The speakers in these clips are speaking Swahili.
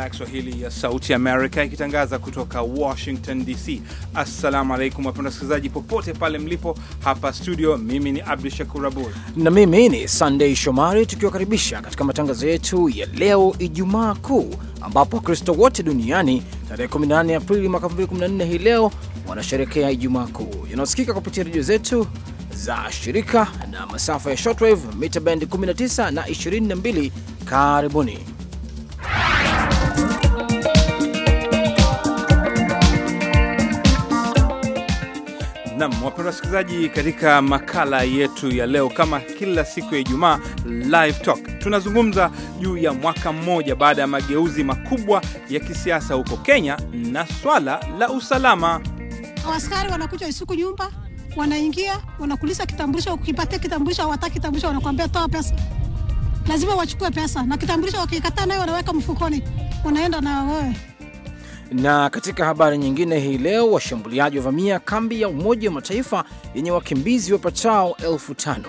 idhaa ya Kiswahili ya Sauti Amerika ikitangaza kutoka Washington DC. Assalamu alaikum wapenda wasikilizaji popote pale mlipo. Hapa studio, mimi ni Abdu Shakur Abud na mimi ni Sandei Shomari, tukiwakaribisha katika matangazo yetu ya leo Ijumaa Kuu, ambapo Wakristo wote duniani tarehe 18 Aprili mwaka 2014 hii leo wanasherekea Ijumaa Kuu yanayosikika kupitia redio zetu za shirika na masafa ya shortwave mita bendi 19 na 22. Karibuni. Nam, wapenda wasikilizaji, katika makala yetu ya leo, kama kila siku ya Ijumaa, Live Talk tunazungumza juu ya mwaka mmoja baada ya mageuzi makubwa ya kisiasa huko Kenya na swala la usalama. Askari wanakuja usiku nyumba, wanaingia, wanakulisa kitambulisho. Ukipatia kitambulisho, hawataki kitambulisho, wanakuambia toa pesa, lazima wachukue pesa, na kitambulisho wakikataa nayo wanaweka mfukoni, wanaenda na wewe na katika habari nyingine hii leo, washambuliaji wavamia kambi ya Umoja wa Mataifa yenye wakimbizi wapatao elfu tano.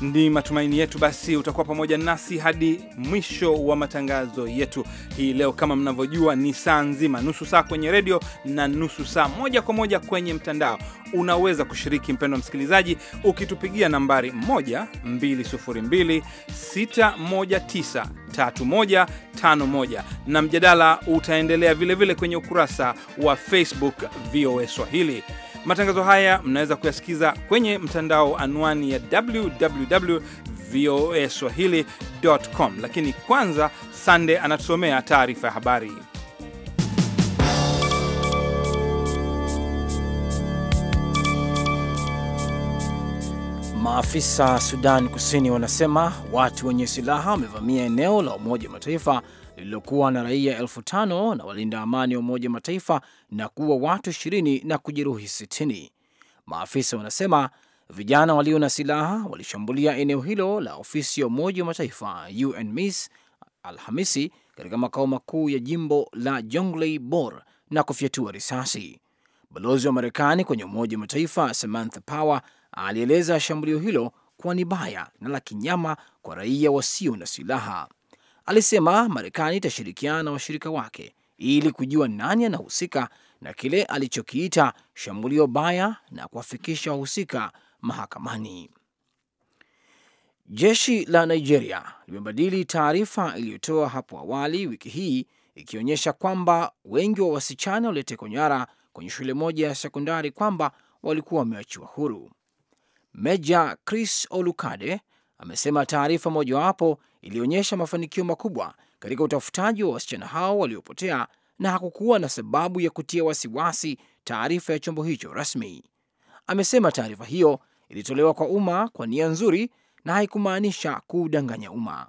Ni matumaini yetu basi utakuwa pamoja nasi hadi mwisho wa matangazo yetu hii leo. Kama mnavyojua, ni saa nzima, nusu saa kwenye redio na nusu saa moja kwa moja kwenye mtandao. Unaweza kushiriki, wa msikilizaji, ukitupigia nambari 12026193151 na mjadala utaendelea vilevile vile kwenye ukurasa wa Facebook VOA Swahili. Matangazo haya mnaweza kuyasikiza kwenye mtandao, anwani ya www voa swahili.com. Lakini kwanza, Sande anatusomea taarifa ya habari. Maafisa Sudan Kusini wanasema watu wenye silaha wamevamia eneo la Umoja wa Mataifa lililokuwa na raia elfu tano na walinda amani wa Umoja Mataifa na kuua watu ishirini na kujeruhi sitini. Maafisa wanasema vijana walio na silaha walishambulia eneo hilo la ofisi ya Umoja wa Mataifa UNMISS Alhamisi katika makao makuu ya jimbo la Jonglei Bor na kufyatua risasi. Balozi wa Marekani kwenye Umoja wa Mataifa Samantha Power alieleza shambulio hilo kuwa ni baya na la kinyama kwa raia wasio na silaha alisema Marekani itashirikiana na washirika wake ili kujua nani anahusika na kile alichokiita shambulio baya na kuwafikisha wahusika mahakamani. Jeshi la Nigeria limebadili taarifa iliyotoa hapo awali wiki hii ikionyesha kwamba wengi wa wasichana waliotekwa nyara kwenye shule moja ya sekondari kwamba walikuwa wameachiwa huru. Meja Chris Olukade amesema taarifa mojawapo ilionyesha mafanikio makubwa katika utafutaji wa wasichana hao waliopotea na hakukuwa na sababu ya kutia wasiwasi, taarifa ya chombo hicho rasmi amesema. Taarifa hiyo ilitolewa kwa umma kwa nia nzuri na haikumaanisha kuudanganya umma.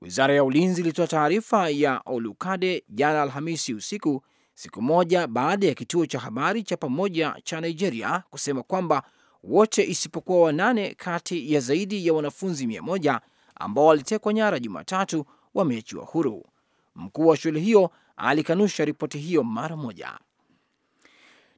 Wizara ya ulinzi ilitoa taarifa ya Olukade jana Alhamisi usiku, siku moja baada ya kituo cha habari cha pamoja cha Nigeria kusema kwamba wote isipokuwa wanane kati ya zaidi ya wanafunzi mia moja ambao walitekwa nyara Jumatatu wameachiwa huru. Mkuu wa shule hiyo alikanusha ripoti hiyo mara moja.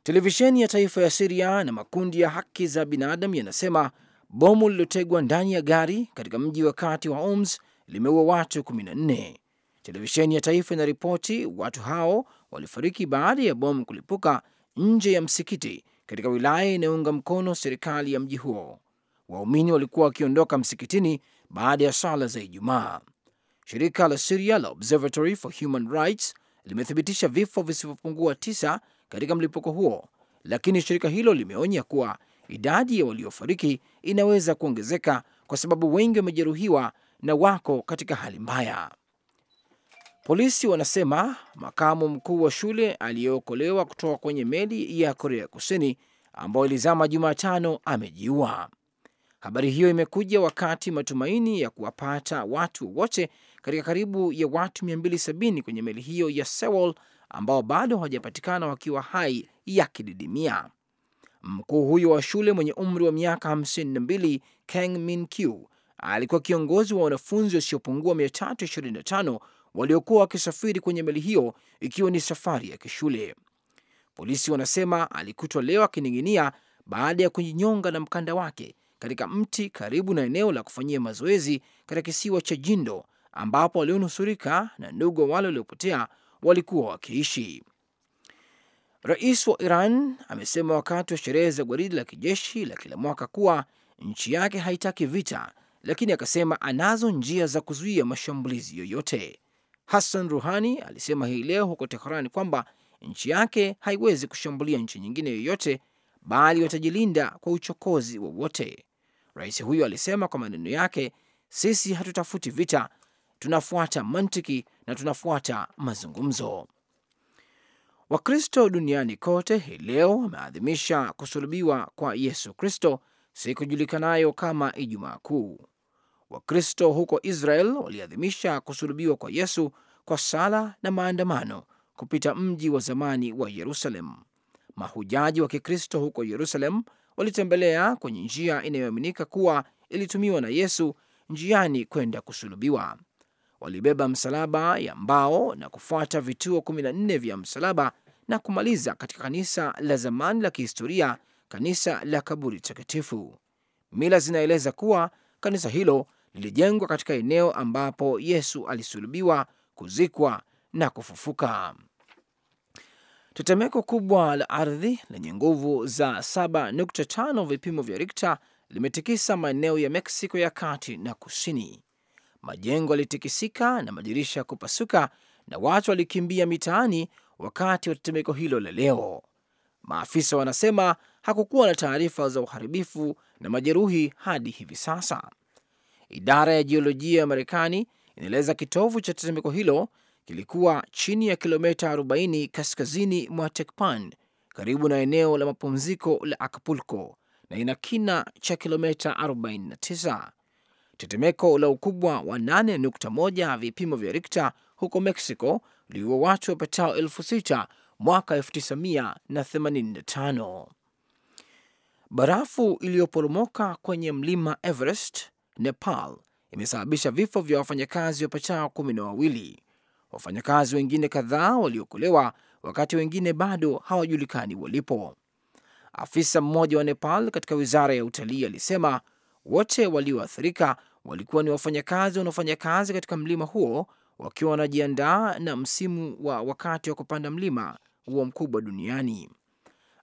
Televisheni ya taifa ya Siria na makundi ya haki za binadamu yanasema bomu lililotegwa ndani ya gari katika mji wa kati wa Homs limeua watu 14. Televisheni ya taifa inaripoti watu hao walifariki baada ya bomu kulipuka nje ya msikiti katika wilaya inayounga mkono serikali ya mji huo. Waumini walikuwa wakiondoka msikitini baada ya sala za Ijumaa. Shirika la Siria la Observatory for Human Rights limethibitisha vifo visivyopungua tisa katika mlipuko huo, lakini shirika hilo limeonya kuwa idadi ya waliofariki inaweza kuongezeka kwa sababu wengi wamejeruhiwa na wako katika hali mbaya. Polisi wanasema makamu mkuu wa shule aliyeokolewa kutoka kwenye meli ya Korea Kusini ambayo ilizama Jumatano amejiua. Habari hiyo imekuja wakati matumaini ya kuwapata watu wote katika karibu ya watu 270 kwenye meli hiyo ya Sewol ambao bado hawajapatikana wakiwa hai yakididimia. Mkuu huyo wa shule mwenye umri wa miaka 52 Kang Min Kyu alikuwa kiongozi wa wanafunzi wasiopungua 325 waliokuwa wakisafiri kwenye meli hiyo ikiwa ni safari ya kishule. Polisi wanasema alikutwa leo akining'inia baada ya kujinyonga na mkanda wake katika mti karibu na eneo la kufanyia mazoezi katika kisiwa cha Jindo ambapo walionusurika na ndugu wale waliopotea walikuwa wakiishi. Rais wa Iran amesema wakati wa sherehe za gwaridi la kijeshi la kila mwaka kuwa nchi yake haitaki vita, lakini akasema anazo njia za kuzuia mashambulizi yoyote. Hassan Ruhani alisema hii leo huko Tehran kwamba nchi yake haiwezi kushambulia nchi nyingine yoyote, bali watajilinda kwa uchokozi wowote. Rais huyo alisema kwa maneno yake, sisi hatutafuti vita, tunafuata mantiki na tunafuata mazungumzo. Wakristo duniani kote hii leo wameadhimisha kusulubiwa kwa Yesu Kristo, siku kama Ijumaa Kuu. Wakristo huko Israel waliadhimisha kusulubiwa kwa Yesu kwa sala na maandamano kupita mji wa zamani wa Yerusalemu. Mahujaji wa Kikristo huko Yerusalemu walitembelea kwenye njia inayoaminika kuwa ilitumiwa na Yesu njiani kwenda kusulubiwa. Walibeba msalaba ya mbao na kufuata vituo 14 vya msalaba na kumaliza katika kanisa la zamani la kihistoria, kanisa la kaburi takatifu. Mila zinaeleza kuwa kanisa hilo lilijengwa katika eneo ambapo Yesu alisulubiwa, kuzikwa na kufufuka. Tetemeko kubwa la ardhi lenye nguvu za 7.5 vipimo vya Rikta limetikisa maeneo ya Meksiko ya kati na kusini. Majengo yalitikisika na madirisha ya kupasuka na watu walikimbia mitaani wakati wa tetemeko hilo la leo. Maafisa wanasema hakukuwa na taarifa za uharibifu na majeruhi hadi hivi sasa. Idara ya jiolojia ya Marekani inaeleza kitovu cha tetemeko hilo kilikuwa chini ya kilomita 40 kaskazini mwa Tekpan karibu na eneo la mapumziko la Acapulco na ina kina cha kilomita 49. Tetemeko la ukubwa wa 8.1 vipimo vya Rikta huko Mexico liuwa watu wapatao elfu sita mwaka 1985. Barafu iliyoporomoka kwenye mlima Everest, Nepal, imesababisha vifo vya wafanyakazi wapatao kumi na wawili. Wafanyakazi wengine kadhaa waliokolewa, wakati wengine bado hawajulikani walipo. Afisa mmoja wa Nepal katika wizara ya utalii alisema wote walioathirika walikuwa ni wafanyakazi wanaofanya kazi katika mlima huo wakiwa wanajiandaa na msimu wa wakati wa kupanda mlima huo mkubwa duniani.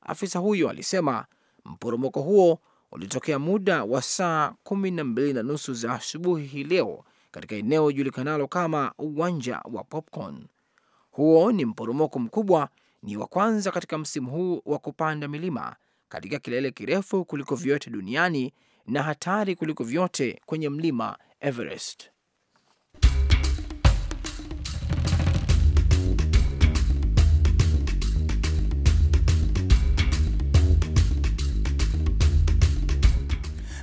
Afisa huyo alisema mporomoko huo ulitokea muda wa saa kumi na mbili na nusu za asubuhi hii leo katika eneo julikanalo kama uwanja wa Popcorn. Huo ni mporomoko mkubwa, ni wa kwanza katika msimu huu wa kupanda milima katika kilele kirefu kuliko vyote duniani na hatari kuliko vyote kwenye mlima Everest.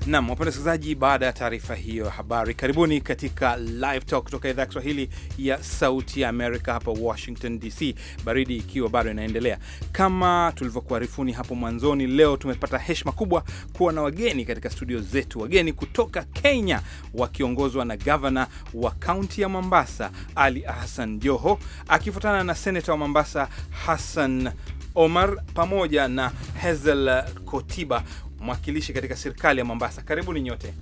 Nam wapenda wasikilizaji, baada ya taarifa hiyo ya habari, karibuni katika Live Talk kutoka idhaa ya Kiswahili ya Sauti ya Amerika hapa Washington DC, baridi ikiwa bado inaendelea. Kama tulivyokuarifuni hapo mwanzoni, leo tumepata heshima kubwa kuwa na wageni katika studio zetu, wageni kutoka Kenya wakiongozwa na gavana wa kaunti ya Mombasa Ali Hassan Joho, akifuatana na seneta wa Mombasa Hassan Omar pamoja na hezel Kotiba mwakilishi katika serikali ya Mombasa. Karibuni nyote.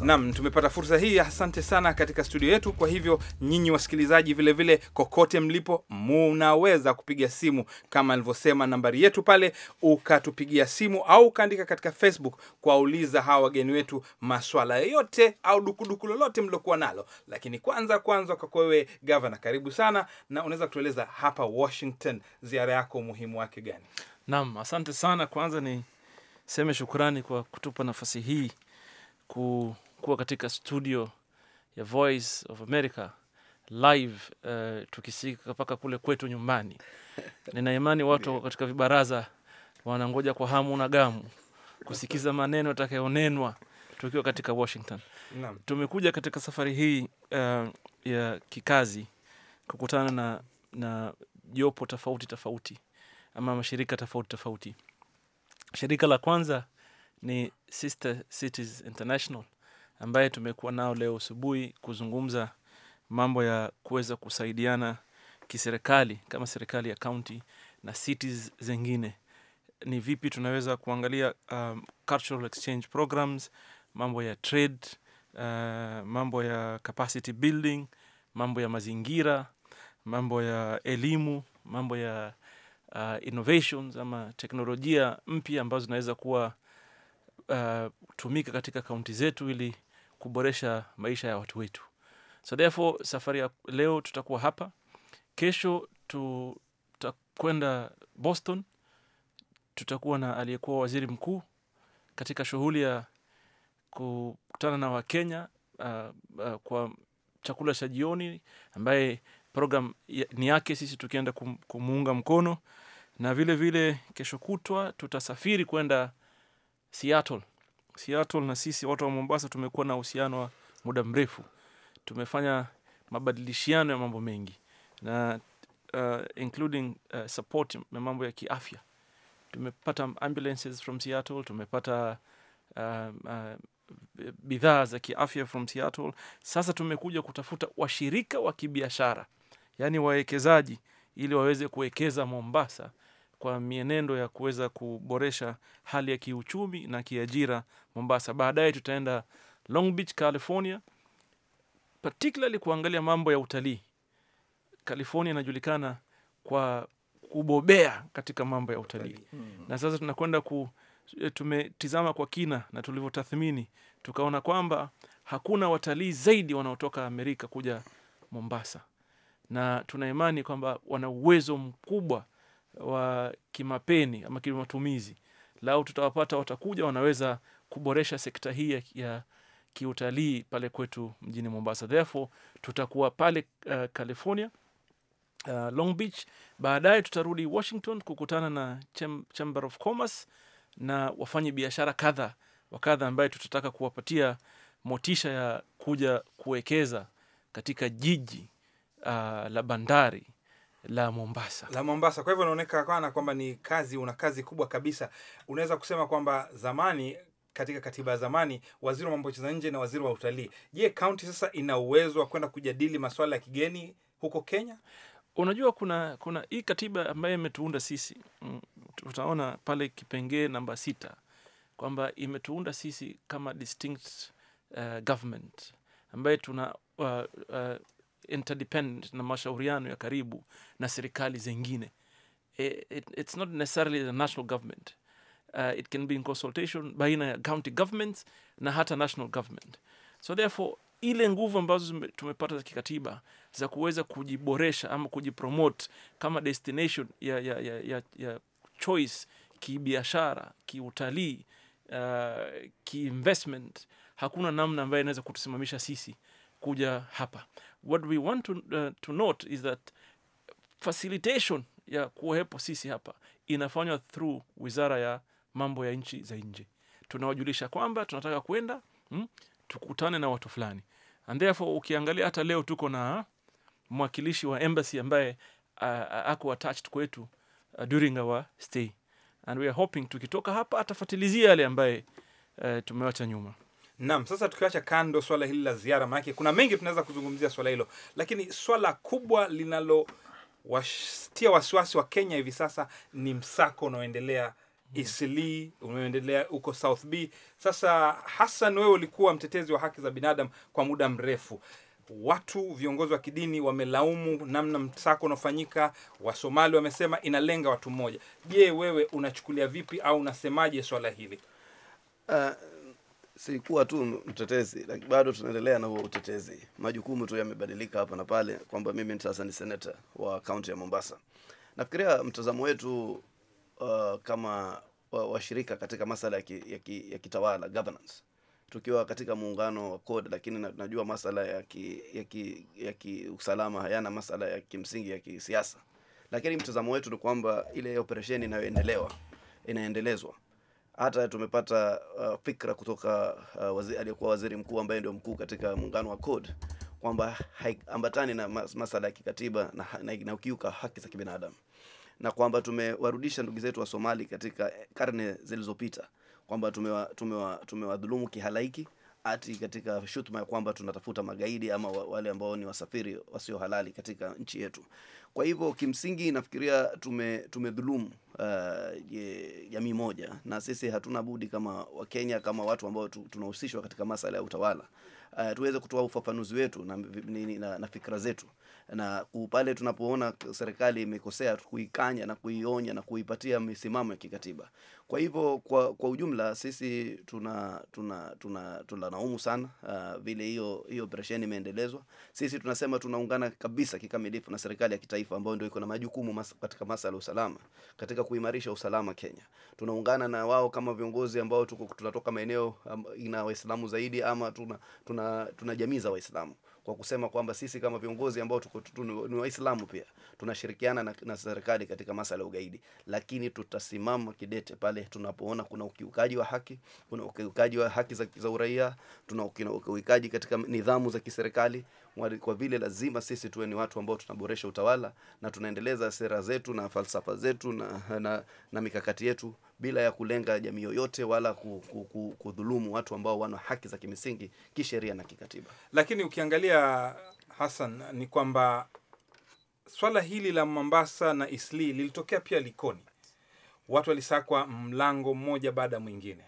Naam, tumepata fursa hii, asante sana katika studio yetu. Kwa hivyo nyinyi wasikilizaji vilevile vile, kokote mlipo, munaweza kupiga simu kama alivyosema nambari yetu pale, ukatupigia simu au ukaandika katika Facebook kuwauliza hawa wageni wetu maswala yote au dukuduku lolote mliokuwa nalo. Lakini kwanza kwanza, kwa wewe gavana, karibu sana, na unaweza kutueleza hapa Washington ziara yako umuhimu wake gani? Naam, asante sana. Kwanza ni Seme shukrani kwa kutupa nafasi hii kuwa katika studio ya Voice of America live uh, eh, tukisikika mpaka kule kwetu nyumbani. Nina imani watu katika vibaraza wanangoja kwa hamu na gamu kusikiza maneno yatakayonenwa tukiwa katika Washington. Tumekuja katika safari hii uh, ya kikazi kukutana na na jopo tofauti tofauti ama mashirika tofauti tofauti Shirika la kwanza ni Sister Cities International ambaye tumekuwa nao leo asubuhi kuzungumza mambo ya kuweza kusaidiana kiserikali kama serikali ya kaunti na cities zengine Ni vipi tunaweza kuangalia um, cultural exchange programs, mambo ya trade, uh, mambo ya capacity building, mambo ya mazingira, mambo ya elimu, mambo ya uh, innovations ama teknolojia mpya ambazo zinaweza kuwa uh, tumika katika kaunti zetu ili kuboresha maisha ya watu wetu. So therefore safari ya leo tutakuwa hapa, kesho tutakwenda Boston, tutakuwa na aliyekuwa waziri mkuu katika shughuli ya kukutana na Wakenya uh, uh, kwa chakula cha jioni ambaye program ni yake, sisi tukienda kum, kumuunga mkono, na vile vile kesho kutwa tutasafiri kwenda Seattle. Seattle na sisi watu wa Mombasa tumekuwa na uhusiano wa muda mrefu, tumefanya mabadilishiano ya mambo mengi na uh, including uh, support mambo ya kiafya. Tumepata ambulances from Seattle, tumepata uh, uh, bidhaa za kiafya from Seattle. Sasa tumekuja kutafuta washirika wa kibiashara yaani wawekezaji ili waweze kuwekeza Mombasa kwa mienendo ya kuweza kuboresha hali ya kiuchumi na kiajira Mombasa. Baadaye tutaenda Long Beach, California, particularly kuangalia mambo ya utalii. California inajulikana kwa kubobea katika mambo ya utalii hmm. Na sasa tunakwenda ku eh, tumetizama kwa kina na tulivyotathmini tukaona kwamba hakuna watalii zaidi wanaotoka Amerika kuja Mombasa na tuna imani kwamba wana uwezo mkubwa wa kimapeni ama kimatumizi. Lau tutawapata watakuja, wanaweza kuboresha sekta hii ya kiutalii pale kwetu mjini Mombasa. Therefore tutakuwa pale uh, California uh, Long Beach, baadaye tutarudi Washington kukutana na Cham Chamber of Commerce na wafanye biashara kadha wa kadha ambaye tutataka kuwapatia motisha ya kuja kuwekeza katika jiji uh, la bandari la Mombasa la Mombasa. Kwa hivyo inaonekana kwamba ni kazi, una kazi kubwa kabisa. Unaweza kusema kwamba zamani katika katiba ya zamani waziri wa mambo ya nje na waziri wa utalii. Je, kaunti sasa ina uwezo wa kwenda kujadili masuala ya kigeni huko Kenya? Unajua, kuna kuna hii katiba ambayo imetuunda sisi, mm, tutaona pale kipengee namba sita kwamba imetuunda sisi kama distinct uh, government ambaye tuna uh, uh, interdependent na mashauriano ya karibu na serikali zingine. It, it, it's not necessarily the national government. Uh, it can be in consultation baina ya county governments na hata national government. So therefore ile nguvu ambazo tumepata za kikatiba za kuweza kujiboresha ama kujipromote kama destination ya, ya, ya, ya, ya choice kibiashara, kiutalii, uh, kiinvestment, hakuna namna ambayo inaweza kutusimamisha sisi uh, kuja hapa. What we want to, uh, to note is that facilitation ya kuwepo sisi hapa inafanywa through wizara ya mambo ya nchi za nje. Tunawajulisha kwamba tunataka kwenda mm, tukutane na watu fulani, and therefore ukiangalia hata leo tuko na mwakilishi wa embassy ambaye uh, ako attached kwetu uh, during our stay and we are hoping tukitoka hapa atafatilizia yale ambaye uh, tumewacha nyuma. Naam, sasa tukiwacha kando swala hili la ziara, maanake kuna mengi tunaweza kuzungumzia swala hilo, lakini swala kubwa linalowatia wasiwasi wa Kenya hivi sasa ni msako unaoendelea Isili mm. umeendelea huko South B. Sasa Hassan, wewe ulikuwa mtetezi wa haki za binadamu kwa muda mrefu. Watu viongozi wa kidini wamelaumu namna msako unaofanyika, Wasomali wamesema inalenga watu mmoja. Je, wewe unachukulia vipi au unasemaje swala hili? Uh, sikuwa tu mtetezi lakini bado tunaendelea na huo utetezi. Majukumu tu yamebadilika hapa na pale, kwamba mimi sasa ni seneta wa kaunti ya Mombasa. Nafikiria mtazamo wetu uh, kama washirika wa katika masala ya, ki, ya, ki, ya kitawala governance, tukiwa katika muungano wa CORD, lakini najua masala ya ki, ya ki, ya ki usalama hayana masala ya kimsingi ya kisiasa, lakini mtazamo wetu ni kwamba ile operesheni inayoendelewa inaendelezwa hata tumepata uh, fikra kutoka uh, aliyekuwa waziri mkuu ambaye ndio mkuu katika muungano wa CORD kwamba haiambatani na masala ya kikatiba na, na, na ukiuka haki za kibinadamu na kwamba tumewarudisha ndugu zetu wa Somali katika eh, karne zilizopita kwamba tumewadhulumu tumewa, tumewa kihalaiki ati katika shutuma ya kwamba tunatafuta magaidi ama wale ambao ni wasafiri wasio halali katika nchi yetu. Kwa hivyo kimsingi nafikiria tume tumedhulumu uh, jamii moja, na sisi hatuna budi kama Wakenya, kama watu ambao tunahusishwa katika masala ya utawala uh, tuweze kutoa ufafanuzi wetu na, na, na fikra zetu na pale tunapoona serikali imekosea kuikanya na kuionya na kuipatia misimamo ya kikatiba. Kwa hivyo kwa, kwa ujumla sisi tuna tuna tuna tunalaumu sana uh, vile hiyo hiyo operesheni imeendelezwa. Sisi tunasema tunaungana kabisa kikamilifu na serikali ya kitaifa ambayo ndio iko na majukumu mas, katika masala ya usalama, katika kuimarisha usalama Kenya. Tunaungana na wao kama viongozi ambao tuko tunatoka maeneo ina Waislamu zaidi ama tuna tuna, tuna jamii za Waislamu kwa kusema kwamba sisi kama viongozi ambao tuko ni Waislamu pia tunashirikiana na, na serikali katika masala ya ugaidi, lakini tutasimama kidete pale tunapoona kuna ukiukaji wa haki, kuna ukiukaji wa haki za, za uraia, tuna ukiukaji katika nidhamu za kiserikali kwa vile lazima sisi tuwe ni watu ambao tunaboresha utawala na tunaendeleza sera zetu na falsafa zetu na, na, na mikakati yetu bila ya kulenga jamii yoyote wala kudhulumu watu ambao wana haki za kimsingi kisheria na kikatiba. Lakini ukiangalia Hassan, ni kwamba swala hili la Mombasa na Isli lilitokea pia Likoni, watu walisakwa mlango mmoja baada ya mwingine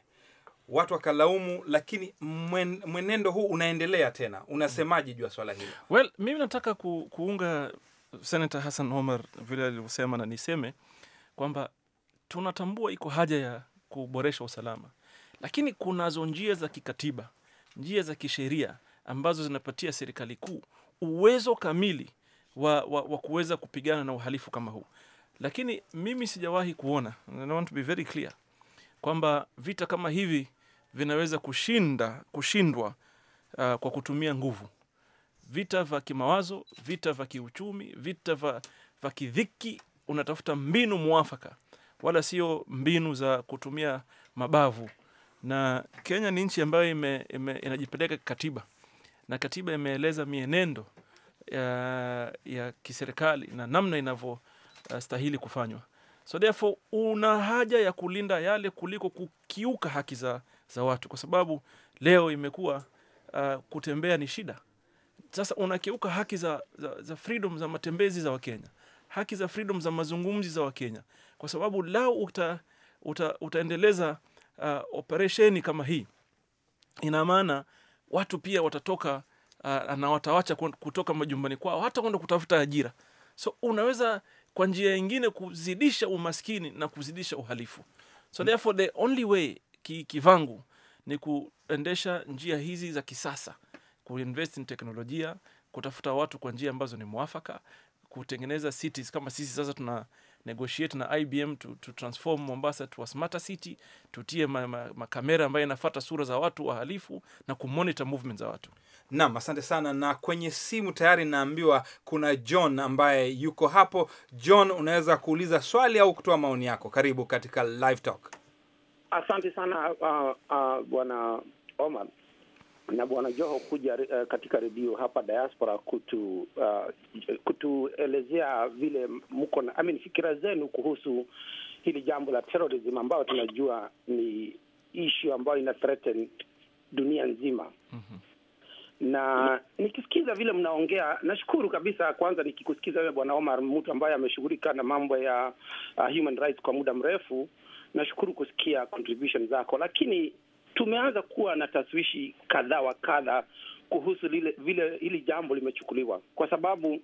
watu wakalaumu, lakini mwen, mwenendo huu unaendelea tena. Unasemaje juu ya swala hili? Well, mimi nataka ku, kuunga Senata Hassan Omar vile alivyosema, na niseme kwamba tunatambua iko haja ya kuboresha usalama, lakini kunazo njia za kikatiba, njia za kisheria ambazo zinapatia serikali kuu uwezo kamili wa, wa, wa kuweza kupigana na uhalifu kama huu, lakini mimi sijawahi kuona, and I want to be very clear kwamba vita kama hivi vinaweza kushinda kushindwa uh, kwa kutumia nguvu. Vita vya kimawazo, vita vya kiuchumi, vita vya kidhiki, unatafuta mbinu mwafaka, wala sio mbinu za kutumia mabavu. Na Kenya ni nchi ambayo ime, ime, inajipeleka katiba na katiba imeeleza mienendo ya, ya kiserikali na namna inavyostahili uh, kufanywa. So therefore una haja ya kulinda yale kuliko kukiuka haki za za watu, kwa sababu leo imekuwa uh, kutembea ni shida. Sasa unakiuka haki za, za, za freedom za matembezi za Wakenya, haki za freedom za mazungumzi za Wakenya, kwa sababu lao uta, uta, utaendeleza uh, operesheni kama hii, ina maana watu pia watatoka uh, na watawacha kutoka majumbani kwao hata kwenda kutafuta ajira. So unaweza kwa njia nyingine kuzidisha umaskini na kuzidisha uhalifu. So therefore the only way ki, kivangu ni kuendesha njia hizi za kisasa, kuinvest in teknolojia, kutafuta watu kwa njia ambazo ni mwafaka, kutengeneza cities kama sisi sasa tuna negotiate na IBM to, to transform Mombasa to a smarter city, tutie makamera ma, ma ambayo inafata sura za watu wahalifu na kumonitor movement za watu. Naam, asante sana. Na kwenye simu tayari naambiwa kuna John ambaye yuko hapo. John, unaweza kuuliza swali au kutoa maoni yako. Karibu katika Live Talk. Asante sana uh, uh, bwana Omar na bwana Joho kuja uh, katika redio hapa diaspora kutu uh, kutuelezea vile mko na I mean, fikira zenu kuhusu hili jambo la terrorism ambayo tunajua ni ishu ambayo ina threaten dunia nzima mm -hmm. Na nikisikiza vile mnaongea, nashukuru kabisa. Kwanza nikikusikiza wewe bwana Omar, mtu ambaye ameshughulika na mambo ya uh, human rights kwa muda mrefu Nashukuru kusikia contribution zako, lakini tumeanza kuwa na taswishi kadha wa kadha kuhusu lile vile hili jambo limechukuliwa, kwa sababu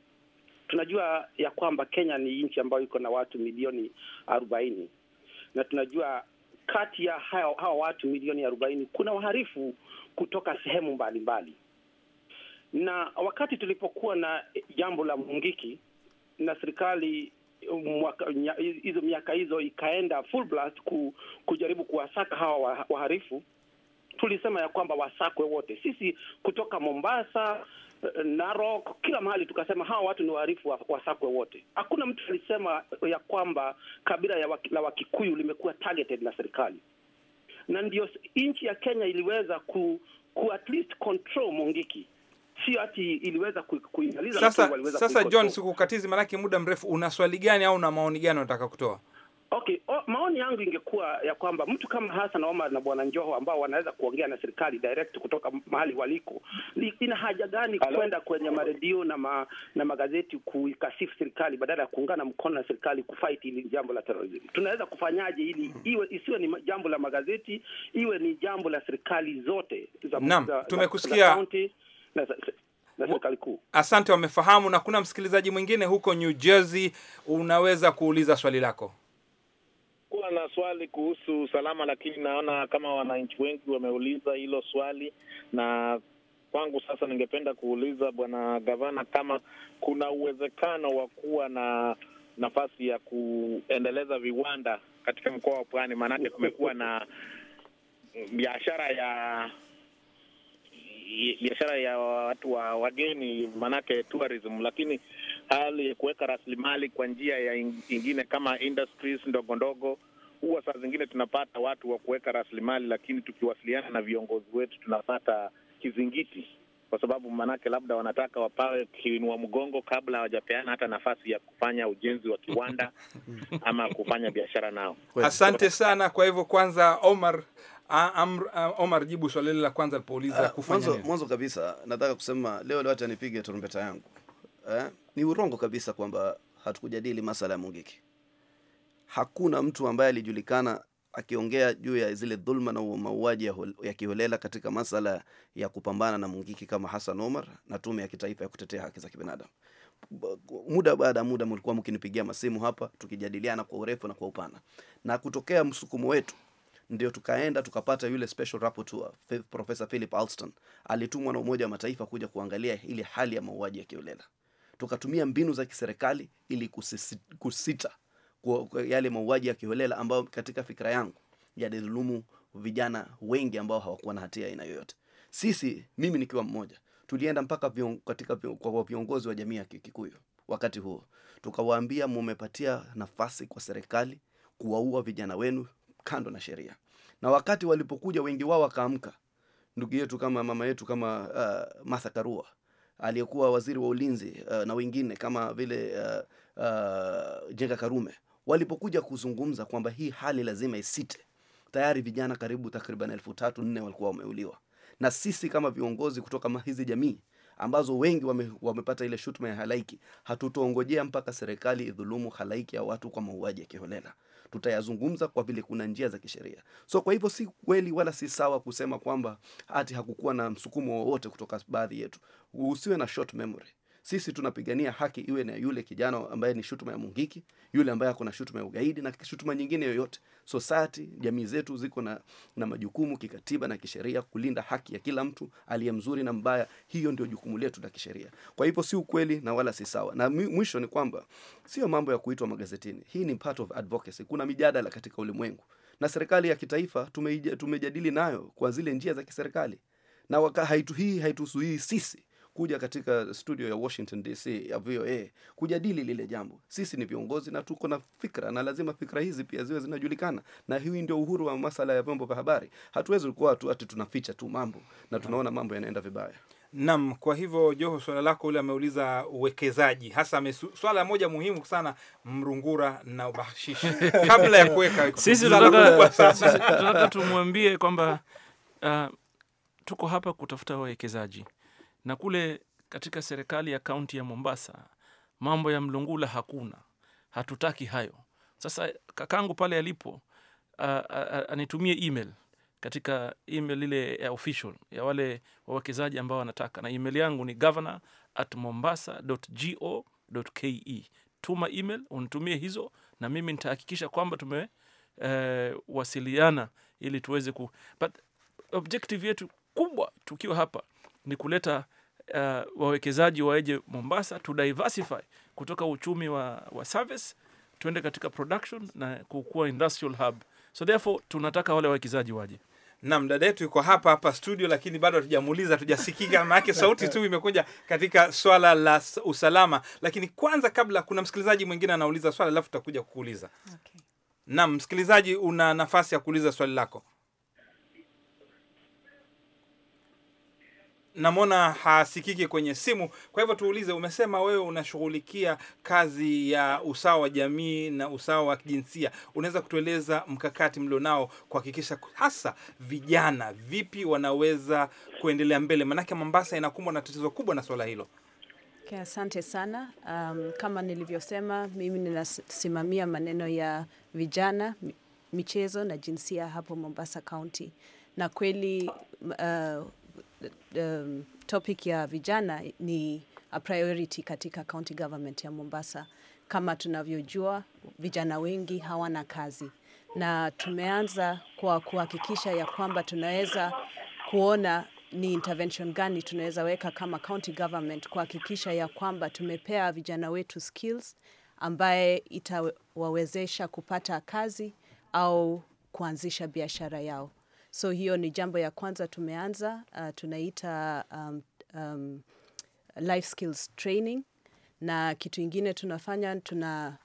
tunajua ya kwamba Kenya ni nchi ambayo iko na watu milioni arobaini na tunajua kati ya hao, hao watu milioni arobaini kuna waharifu kutoka sehemu mbalimbali mbali. Na wakati tulipokuwa na jambo la Mungiki na serikali hizo miaka hizo ikaenda full blast ku, kujaribu kuwasaka hawa waharifu tulisema ya kwamba wasakwe wote. Sisi kutoka Mombasa, Narok, kila mahali tukasema hawa watu ni waharifu, wasakwe wote. Hakuna mtu alisema ya kwamba kabila ya waki, la Wakikuyu limekuwa targeted na serikali, na ndio nchi ya Kenya iliweza ku, ku at least control Mungiki sio ati iliweza kuimaliza. Sasa, sasa John, sikukatizi maanake muda mrefu, una swali gani au una maoni gani unataka kutoa? Okay, o, maoni yangu ingekuwa ya kwamba mtu kama Hassan Omar na bwana Njoho ambao wanaweza kuongea na serikali direct kutoka mahali waliko, ina haja gani kwenda kwenye maredio na, ma, na magazeti kuikasifu serikali badala ya kuungana mkono na serikali kufight ili jambo la terrorism? Tunaweza kufanyaje ili hmm. iwe isiwe ni jambo la magazeti, iwe ni jambo la serikali zote za, naam, tumekusikia za county, na, na serikali kuu. Asante, wamefahamu. Na kuna msikilizaji mwingine huko New Jersey, unaweza kuuliza swali lako. Kuwa na swali kuhusu usalama, lakini naona kama wananchi wengi wameuliza hilo swali na kwangu sasa, ningependa kuuliza bwana gavana kama kuna uwezekano wa kuwa na nafasi ya kuendeleza viwanda katika mkoa wa Pwani, maanake kumekuwa na biashara ya biashara ya watu wa wageni, maanake tourism, lakini hali ya kuweka rasilimali kwa njia ya ingine kama industries ndogo ndogo huwa saa zingine tunapata watu wa kuweka rasilimali, lakini tukiwasiliana na viongozi wetu tunapata kizingiti, kwa sababu maanake labda wanataka wapawe kiinua mgongo kabla hawajapeana hata nafasi ya kufanya ujenzi wa kiwanda ama kufanya biashara nao. Asante sana. Kwa hivyo kwanza, Omar Omar, jibu swali lile la kwanza alipouliza ah, kufanya nini. Mwanzo mwanzo kabisa nataka kusema leo leo acha nipige tarumbeta yangu eh? Ni urongo kabisa kwamba hatukujadili masala ya Mungiki. Hakuna mtu ambaye alijulikana akiongea juu ya zile dhulma na mauaji ya kiholela katika masala ya kupambana na Mungiki kama Hassan Omar na Tume ya Kitaifa ya Kutetea Haki za Kibinadamu. Muda baada ya muda mlikuwa mkinipigia masimu hapa tukijadiliana kwa urefu na kwa upana, na kutokea msukumo wetu ndio tukaenda tukapata yule special rapporteur Professor Philip Alston alitumwa na Umoja wa Mataifa kuja kuangalia ile hali ya mauaji ya kiolela. Tukatumia mbinu za kiserikali ili kusisi, kusita kwa yale mauaji ya kiholela ambayo katika fikra yangu yalidhulumu vijana wengi ambao hawakuwa na hatia aina yoyote. Sisi, mimi nikiwa mmoja, tulienda mpaka vion, katika vion, kwa viongozi wa jamii ya Kikuyu wakati huo, tukawaambia mumepatia nafasi kwa serikali kuwaua vijana wenu kando na sheria. Na wakati walipokuja wengi wao wakaamka, ndugu yetu kama mama yetu kama uh, Martha Karua aliyekuwa waziri wa ulinzi uh, na wengine kama vile uh, uh, Jenga Karume walipokuja kuzungumza kwamba hii hali lazima isite, tayari vijana karibu takriban elfu tatu nne walikuwa wameuliwa, na sisi kama viongozi kutoka hizi jamii ambazo wengi wame, wamepata ile shutuma ya halaiki. hatutoongojea mpaka serikali idhulumu halaiki ya watu kwa mauaji ya kiholela, tutayazungumza kwa vile kuna njia za kisheria. So kwa hivyo si kweli wala si sawa kusema kwamba ati hakukuwa na msukumo wowote kutoka baadhi yetu. Usiwe na short memory. Sisi tunapigania haki, iwe na yule kijana ambaye ni shutuma ya Mungiki, yule ambaye ako na shutuma ya ugaidi na shutuma nyingine yoyote. sosati jamii zetu ziko na, na majukumu kikatiba na kisheria kulinda haki ya kila mtu aliye mzuri na mbaya. Hiyo ndio jukumu letu la kisheria. Kwa hivyo si ukweli na wala si sawa. Na mwisho ni kwamba sio mambo ya kuitwa magazetini, hii ni part of advocacy. Kuna mijadala katika ulimwengu na serikali ya kitaifa tumejadili nayo kwa zile njia za kiserikali na waka haitu hii haituzuii sisi kuja katika studio ya Washington DC ya VOA kujadili lile jambo. Sisi ni viongozi na tuko na fikra, na lazima fikra hizi pia ziwe zinajulikana, na hii ndio uhuru wa masala ya vyombo vya habari. Hatuwezi kuwa tu ati tunaficha tu mambo na tunaona mambo yanaenda vibaya. Naam, kwa hivyo Joho, swala lako ule ameuliza uwekezaji hasa mesu, swala moja muhimu sana, mrungura na ubashishi kabla ya kuweka sisi tunataka tumwambie kwamba uh, tuko hapa kutafuta wawekezaji na kule katika serikali ya kaunti ya Mombasa mambo ya mlungula hakuna, hatutaki hayo. Sasa kakangu pale alipo anitumie email katika email ile ya official ya wale wawekezaji ambao wanataka, na email yangu ni governor at ke. Tuma email unitumie hizo, na mimi nitahakikisha kwamba tumewasiliana e, uh, ili tuweze ku but objective yetu kubwa tukiwa hapa ni kuleta uh, wawekezaji waeje Mombasa tu diversify kutoka uchumi wa, wa service tuende katika production na kukua industrial hub, so therefore tunataka wale wawekezaji waje Nam, dada yetu yuko hapa hapa studio, lakini bado hatujamuuliza, hatujasikika maanake sauti tu imekuja katika swala la usalama. Lakini kwanza, kabla kuna msikilizaji mwingine anauliza swala, alafu tutakuja kukuuliza. Okay. Nam, msikilizaji, una nafasi ya kuuliza swali lako. namwona hasikiki kwenye simu. Kwa hivyo tuulize, umesema wewe unashughulikia kazi ya usawa wa jamii na usawa wa kijinsia. Unaweza kutueleza mkakati mlionao kuhakikisha hasa vijana vipi wanaweza kuendelea mbele, manake Mombasa inakumbwa na tatizo kubwa na swala hilo? Okay, asante sana. Um, kama nilivyosema, mimi ninasimamia maneno ya vijana, michezo na jinsia hapo Mombasa County, na kweli uh, um, topic ya vijana ni a priority katika county government ya Mombasa. Kama tunavyojua, vijana wengi hawana kazi, na tumeanza kwa kuhakikisha ya kwamba tunaweza kuona ni intervention gani tunaweza weka kama county government kuhakikisha ya kwamba tumepea vijana wetu skills ambaye itawawezesha kupata kazi au kuanzisha biashara yao. So hiyo ni jambo ya kwanza tumeanza, uh, tunaita um, um, life skills training, na kitu ingine tunafanya tuna,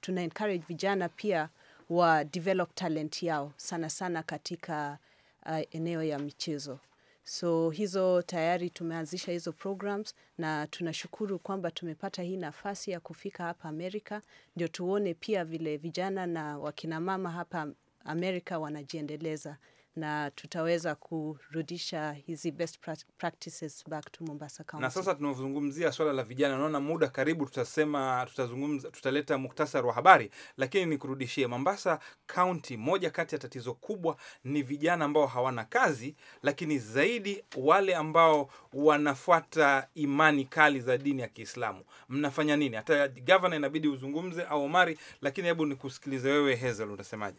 tuna encourage vijana pia wa develop talent yao sana sana katika uh, eneo ya michezo. So hizo tayari tumeanzisha hizo programs na tunashukuru kwamba tumepata hii nafasi ya kufika hapa Amerika, ndio tuone pia vile vijana na wakinamama hapa Amerika wanajiendeleza na tutaweza kurudisha hizi best practices back to Mombasa County. Na sasa tunazungumzia swala la vijana, naona muda karibu, tutasema tutazungumza, tutaleta muktasari wa habari, lakini nikurudishie Mombasa County. Moja kati ya tatizo kubwa ni vijana ambao hawana kazi, lakini zaidi wale ambao wanafuata imani kali za dini ya Kiislamu. Mnafanya nini? Hata gavana inabidi uzungumze au Omari, lakini hebu nikusikilize wewe Hazel, utasemaje?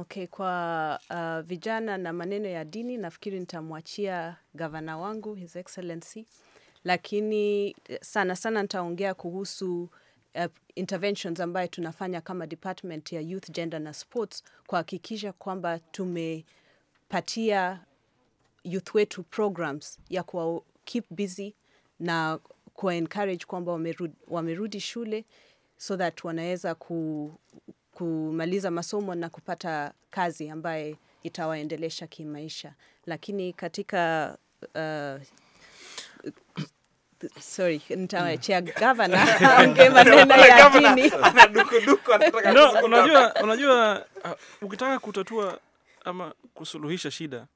Okay, kwa uh, vijana na maneno ya dini nafikiri nitamwachia gavana wangu His Excellency, lakini eh, sana sana nitaongea kuhusu uh, interventions ambayo tunafanya kama department ya youth, gender na sports kuhakikisha kwamba tumepatia youth wetu programs ya kuwa keep busy na kuwa encourage kwamba wamerudi, wamerudi shule so that wanaweza ku, kumaliza masomo na kupata kazi ambaye itawaendelesha kimaisha, lakini katika uh, Sorry, nitawachia gavana aongee maneno ya dini. No, unajua, unajua uh, ukitaka kutatua ama kusuluhisha shida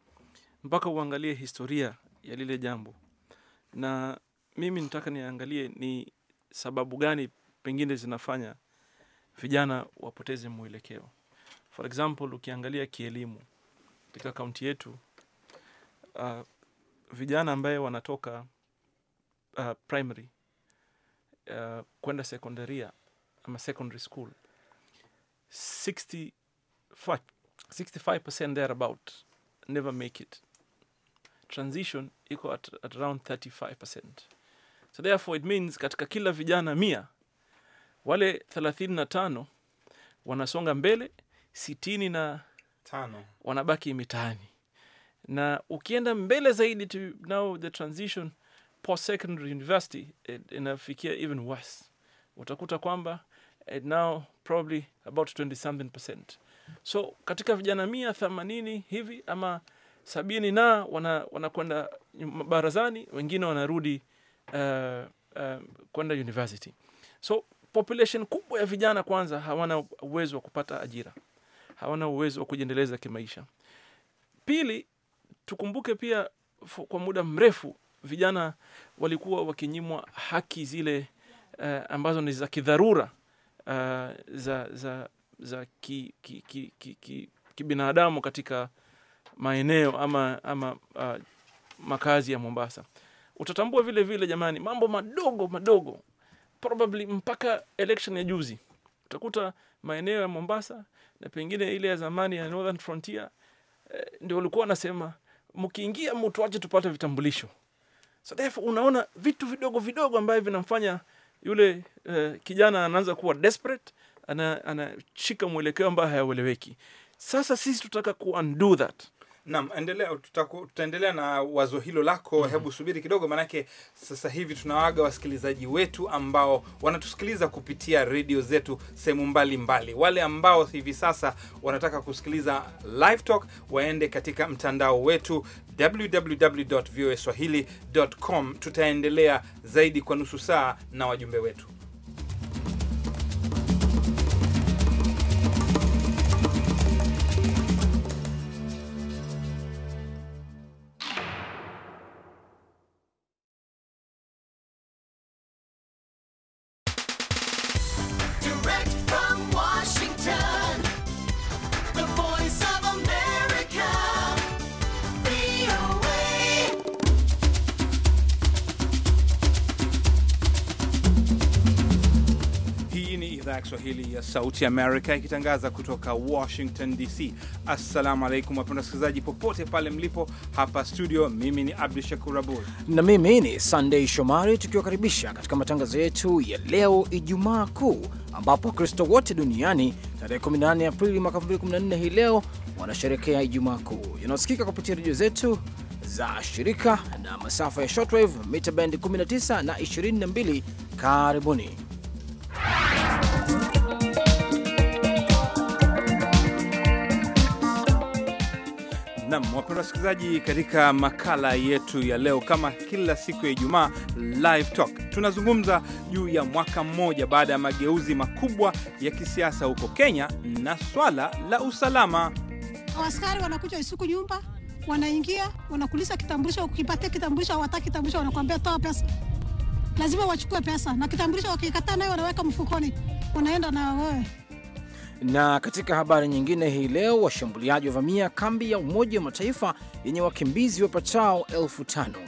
mpaka uangalie historia ya lile jambo, na mimi nitaka niangalie ni sababu gani pengine zinafanya vijana wapoteze mwelekeo. For example, ukiangalia kielimu katika kaunti yetu uh, vijana ambaye wanatoka uh, primary uh, kwenda sekondaria ama secondary school 60, 65% thereabout never make it transition iko at, at around 35% so therefore it means katika kila vijana mia wale 35 wanasonga mbele, sitini na tano wanabaki mitaani, na ukienda mbele zaidi to now the transition post secondary university inafikia even worse. Utakuta kwamba eh, now probably about 20 something percent. So katika vijana mia themanini hivi ama sabini na wanakwenda wana barazani, wengine wanarudi uh, uh, kwenda university so population kubwa ya vijana kwanza hawana uwezo wa kupata ajira, hawana uwezo wa kujiendeleza kimaisha. Pili, tukumbuke pia kwa muda mrefu vijana walikuwa wakinyimwa haki zile uh, ambazo ni za kidharura uh, za, za, za kibinadamu ki, ki, ki, ki, ki katika maeneo ama, ama uh, makazi ya Mombasa. Utatambua vile vile, jamani, mambo madogo madogo probably mpaka election ya juzi utakuta maeneo ya Mombasa na pengine ile ya zamani ya Northern Frontier eh, ndio walikuwa wanasema mkiingia aje tupate vitambulisho. So therefore unaona vitu vidogo vidogo ambavyo vinamfanya yule uh, kijana anaanza kuwa desperate, anashika ana mwelekeo ambayo hayaueleweki. Sasa sisi tutaka ku undo that. Naam, endelea, tutaendelea na wazo hilo lako. mm -hmm. Hebu subiri kidogo, maanake sasa hivi tunawaaga wasikilizaji wetu ambao wanatusikiliza kupitia redio zetu sehemu mbalimbali. Wale ambao hivi sasa wanataka kusikiliza Live Talk waende katika mtandao wetu www.voaswahili.com. Tutaendelea zaidi kwa nusu saa na wajumbe wetu. ya Kiswahili ya Sauti Amerika ikitangaza kutoka Washington DC. Assalamu alaikum wapenda wasikilizaji popote pale mlipo. Hapa studio, mimi ni Abdu Shakur Abud na mimi ni Sandei Shomari, tukiwakaribisha katika matangazo yetu ya leo Ijumaa Kuu, ambapo Wakristo wote duniani tarehe 18 Aprili mwaka 2014 hii leo wanasherekea Ijumaa Kuu, Inaosikika kupitia redio zetu za shirika na masafa ya shortwave mita bendi 19 na 22. Karibuni. Nam, wapendwa wasikilizaji, katika makala yetu ya leo, kama kila siku ya Ijumaa, Live Talk tunazungumza juu ya mwaka mmoja baada ya mageuzi makubwa ya kisiasa huko Kenya na swala la usalama. Askari wanakuja usiku nyumba, wanaingia, wanakulisa kitambulisho. Ukipatia kitambulisho, hawataki kitambulisho, wanakuambia toa pesa, lazima wachukue pesa, na kitambulisho wakikataa nayo wanaweka mfukoni, wanaenda na wewe na katika habari nyingine hii leo, washambuliaji wavamia kambi ya Umoja wa Mataifa yenye wakimbizi wapatao elfu tano.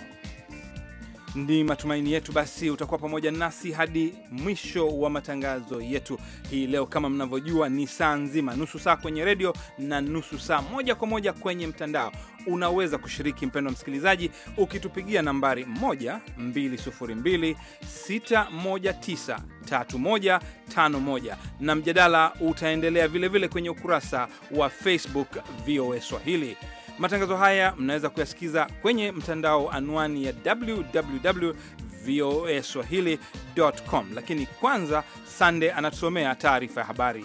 Ni matumaini yetu basi utakuwa pamoja nasi hadi mwisho wa matangazo yetu hii leo. Kama mnavyojua, ni saa nzima, nusu saa kwenye redio na nusu saa moja kwa moja kwenye mtandao. Unaweza kushiriki, wa msikilizaji, ukitupigia nambari 12026193151 na mjadala utaendelea vilevile vile kwenye ukurasa wa Facebook VOA Swahili. Matangazo haya mnaweza kuyasikiza kwenye mtandao anwani ya www voa swahili.com. Lakini kwanza, Sande anatusomea taarifa ya habari.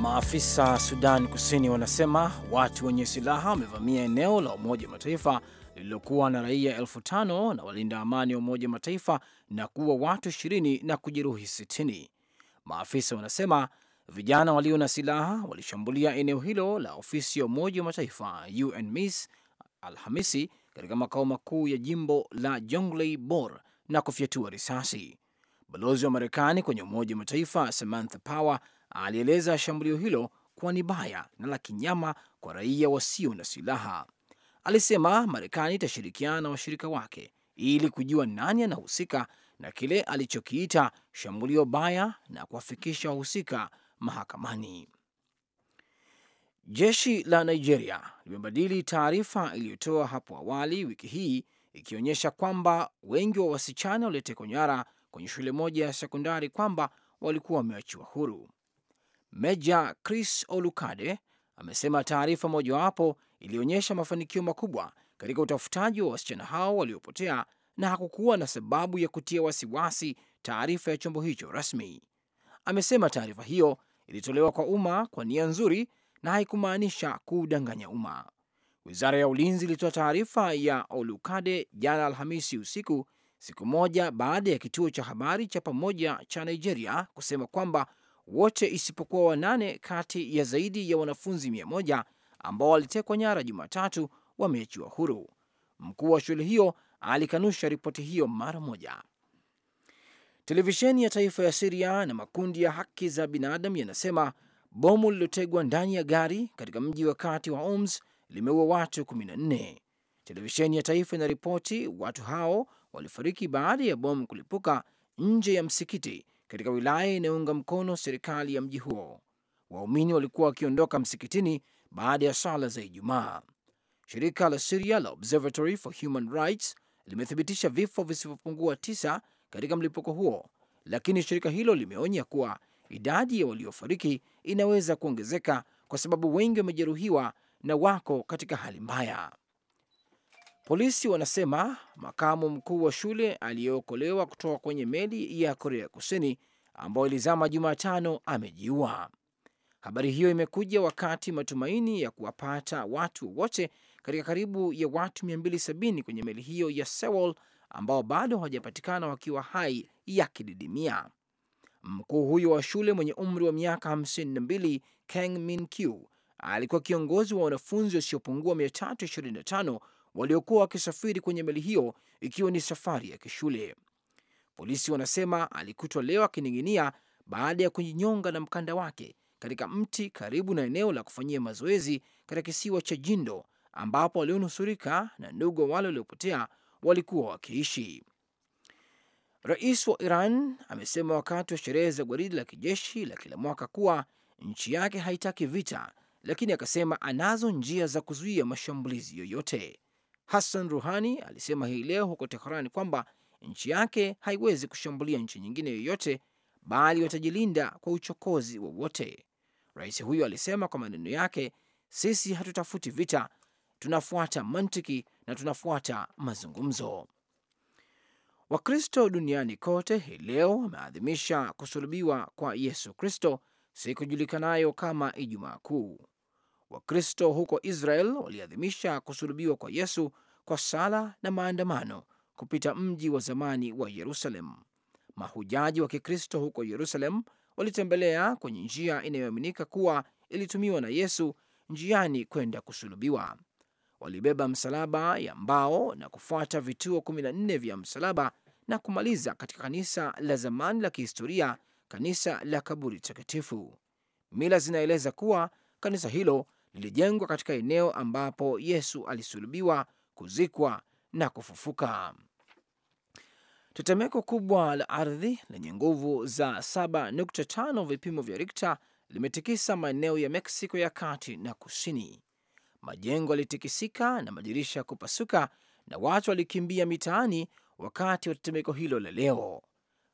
Maafisa Sudan Kusini wanasema watu wenye silaha wamevamia eneo la Umoja wa Mataifa lililokuwa na raia elfu tano na walinda amani wa Umoja wa Mataifa na kuwa watu ishirini na kujeruhi sitini. Maafisa wanasema vijana walio na silaha walishambulia eneo hilo la ofisi ya Umoja wa Mataifa UNMISS Alhamisi katika makao makuu ya jimbo la Jonglei Bor na kufyatua risasi. Balozi wa Marekani kwenye Umoja wa Mataifa Samantha Power alieleza shambulio hilo kuwa ni baya na la kinyama kwa raia wasio na silaha. Alisema Marekani itashirikiana na washirika wake ili kujua nani anahusika na kile alichokiita shambulio baya na kuwafikisha wahusika mahakamani. Jeshi la Nigeria limebadili taarifa iliyotoa hapo awali wiki hii ikionyesha kwamba wengi wa wasichana waliotekwa nyara kwenye shule moja ya sekondari kwamba walikuwa wameachiwa huru. Meja Chris Olukade amesema taarifa mojawapo ilionyesha mafanikio makubwa katika utafutaji wa wasichana hao waliopotea, na hakukuwa na sababu ya kutia wasiwasi, taarifa ya chombo hicho rasmi amesema. Taarifa hiyo ilitolewa kwa umma kwa nia nzuri na haikumaanisha kuudanganya umma. Wizara ya ulinzi ilitoa taarifa ya Olukade jana Alhamisi usiku, siku moja baada ya kituo cha habari cha pamoja cha Nigeria kusema kwamba wote isipokuwa wanane kati ya zaidi ya wanafunzi mia moja ambao walitekwa nyara Jumatatu wameachiwa huru. Mkuu wa shule hiyo alikanusha ripoti hiyo mara moja. Televisheni ya taifa ya Siria na makundi ya haki za binadamu yanasema bomu lililotegwa ndani ya gari katika mji wa kati wa Homs limeua watu 14. Televisheni ya taifa inaripoti watu hao walifariki baada ya bomu kulipuka nje ya msikiti katika wilaya inayounga mkono serikali ya mji huo. Waumini walikuwa wakiondoka msikitini baada ya sala za Ijumaa. Shirika la Siria la Observatory for Human Rights limethibitisha vifo visivyopungua tisa katika mlipuko huo, lakini shirika hilo limeonya kuwa idadi ya waliofariki inaweza kuongezeka kwa sababu wengi wamejeruhiwa na wako katika hali mbaya. Polisi wanasema makamu mkuu wa shule aliyeokolewa kutoka kwenye meli ya Korea Kusini ambayo ilizama Jumatano amejiua. Habari hiyo imekuja wakati matumaini ya kuwapata watu wote katika karibu ya watu 270 kwenye meli hiyo ya Sewol ambao bado hawajapatikana wakiwa hai yakididimia. Mkuu huyo wa shule mwenye umri wa miaka 52 Kang Min Kyu alikuwa kiongozi wa wanafunzi wasiopungua 325 waliokuwa wakisafiri kwenye meli hiyo ikiwa ni safari ya kishule. Polisi wanasema alikutwa leo akining'inia baada ya kujinyonga na mkanda wake katika mti karibu na eneo la kufanyia mazoezi katika kisiwa cha Jindo ambapo walionusurika na ndugu wa wale waliopotea walikuwa wakiishi. Rais wa Iran amesema wakati wa sherehe za gwaridi la kijeshi la kila mwaka kuwa nchi yake haitaki vita, lakini akasema anazo njia za kuzuia mashambulizi yoyote. Hassan Ruhani alisema hii leo huko Tehran kwamba nchi yake haiwezi kushambulia nchi nyingine yoyote, bali watajilinda kwa uchokozi wowote. Rais huyo alisema kwa maneno yake, sisi hatutafuti vita, tunafuata mantiki na tunafuata mazungumzo. Wakristo duniani kote hii leo wameadhimisha kusulubiwa kwa Yesu Kristo, siku julikanayo kama Ijumaa Kuu. Wakristo huko Israel waliadhimisha kusulubiwa kwa Yesu kwa sala na maandamano kupita mji wa zamani wa Yerusalem. Mahujaji wa Kikristo huko Yerusalem walitembelea kwenye njia inayoaminika kuwa ilitumiwa na Yesu njiani kwenda kusulubiwa walibeba msalaba ya mbao na kufuata vituo 14 vya msalaba na kumaliza katika kanisa la zamani la kihistoria, kanisa la kaburi takatifu. Mila zinaeleza kuwa kanisa hilo lilijengwa katika eneo ambapo Yesu alisulubiwa, kuzikwa na kufufuka. Tetemeko kubwa la ardhi lenye nguvu za 7.5 vipimo vya Rikta limetikisa maeneo ya Meksiko ya kati na kusini majengo yalitikisika na madirisha kupasuka na watu walikimbia mitaani wakati wa tetemeko hilo la leo.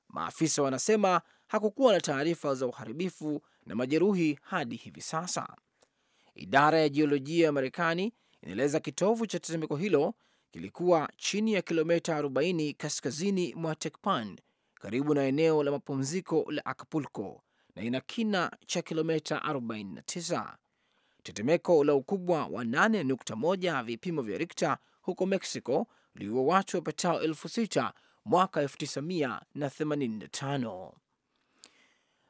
Maafisa wanasema hakukuwa na taarifa za uharibifu na majeruhi hadi hivi sasa. Idara ya jiolojia ya Marekani inaeleza kitovu cha tetemeko hilo kilikuwa chini ya kilomita 40 kaskazini mwa Tekpan, karibu na eneo la mapumziko la Acapulco, na ina kina cha kilomita 49. Tetemeko la ukubwa wa 8.1 vipimo vya Rikta huko Mexico liua watu wapatao elfu sita mwaka 1985.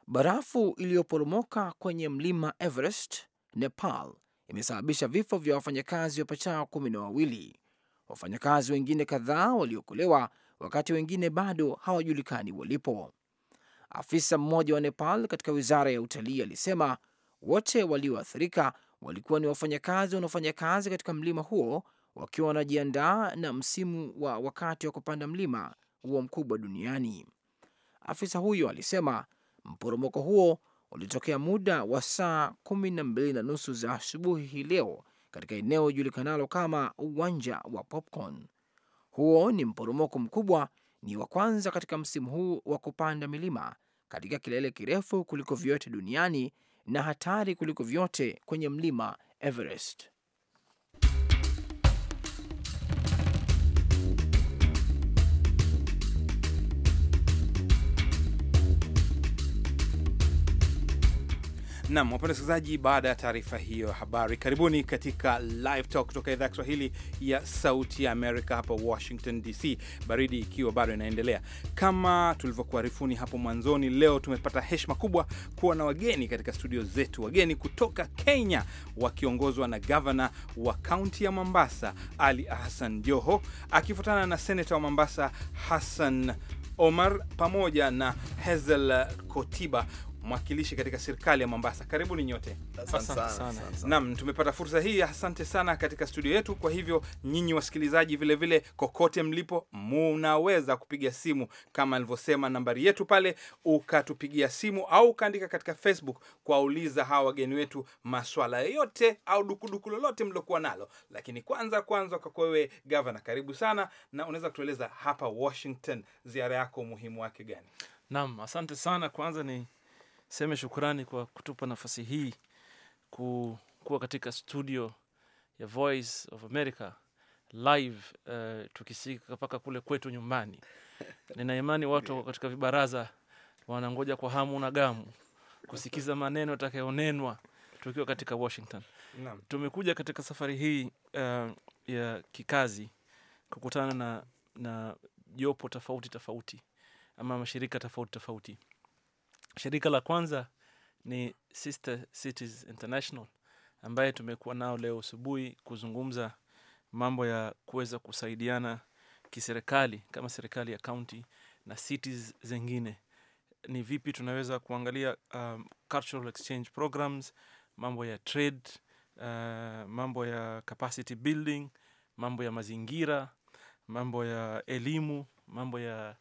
Barafu iliyoporomoka kwenye mlima Everest, Nepal, imesababisha vifo vya wafanyakazi wapatao kumi na wawili. Wafanyakazi wengine kadhaa waliokolewa, wakati wengine bado hawajulikani walipo. Afisa mmoja wa Nepal katika wizara ya utalii alisema wote walioathirika walikuwa ni wafanyakazi wanaofanya kazi katika mlima huo wakiwa wanajiandaa na msimu wa wakati wa kupanda mlima huo mkubwa duniani. Afisa huyo alisema mporomoko huo ulitokea muda wa saa kumi na mbili na nusu za asubuhi hii leo katika eneo julikanalo kama uwanja wa Popcorn. Huo ni mporomoko mkubwa, ni wa kwanza katika msimu huu wa kupanda milima katika kilele kirefu kuliko vyote duniani na hatari kuliko vyote kwenye mlima Everest. Nam, wapenda wasikilizaji, baada ya taarifa hiyo habari, karibuni katika Live Talk kutoka idhaa ya Kiswahili ya Sauti ya Amerika hapa Washington DC, baridi ikiwa bado inaendelea. Kama tulivyokuarifuni hapo mwanzoni, leo tumepata heshima kubwa kuwa na wageni katika studio zetu, wageni kutoka Kenya wakiongozwa na gavana wa kaunti ya Mombasa Ali Hassan Joho akifuatana na seneta wa Mombasa Hassan Omar pamoja na hezel Kotiba mwakilishi katika serikali ya Mombasa. Karibuni nyote, asante sana. Naam, tumepata fursa hii, asante sana katika studio yetu. Kwa hivyo nyinyi wasikilizaji vilevile vile, kokote mlipo, munaweza kupiga simu kama alivyosema nambari yetu pale, ukatupigia simu au ukaandika katika Facebook kuwauliza hawa wageni wetu maswala yote au dukuduku lolote mliokuwa nalo. Lakini kwanza kwanza, kwa wewe gavana, karibu sana, na unaweza kutueleza hapa Washington ziara yako umuhimu wake gani? Naam, asante sana. Kwanza ni niseme shukrani kwa kutupa nafasi hii kuwa katika studio ya Voice of America live uh, eh, tukisikika mpaka kule kwetu nyumbani. Nina imani watu katika vibaraza wanangoja kwa hamu na gamu kusikiza maneno yatakayonenwa tukiwa katika Washington. Tumekuja katika safari hii uh, ya kikazi kukutana na, na jopo tofauti tofauti ama mashirika tofauti tofauti Shirika la kwanza ni Sister Cities International ambaye tumekuwa nao leo asubuhi kuzungumza mambo ya kuweza kusaidiana kiserikali kama serikali ya kaunti na cities zingine ni vipi tunaweza kuangalia um, cultural exchange programs mambo ya trade uh, mambo ya capacity building mambo ya mazingira mambo ya elimu mambo ya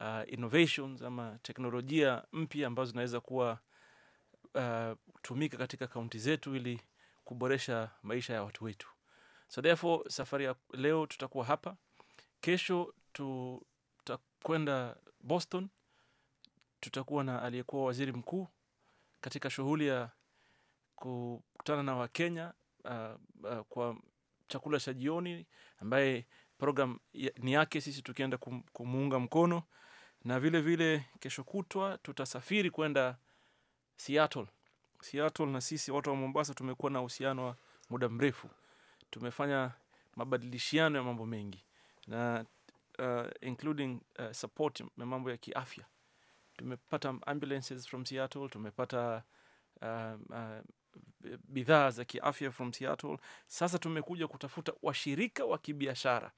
uh, innovations ama teknolojia mpya ambazo zinaweza kuwa uh, tumika katika kaunti zetu ili kuboresha maisha ya watu wetu. So therefore safari ya leo tutakuwa hapa, kesho tutakwenda Boston, tutakuwa na aliyekuwa waziri mkuu katika shughuli ya kukutana na Wakenya uh, uh, kwa chakula cha jioni ambaye program ni yake, sisi tukienda kumuunga mkono na vile vile kesho kutwa tutasafiri kwenda Seattle. Seattle na sisi watu wa Mombasa tumekuwa na uhusiano wa muda mrefu, tumefanya mabadilishiano ya mambo mengi na uh, including uh, support na mambo ya kiafya. Tumepata ambulances from Seattle, tumepata uh, uh, bidhaa za kiafya from Seattle. Sasa tumekuja kutafuta washirika wa kibiashara,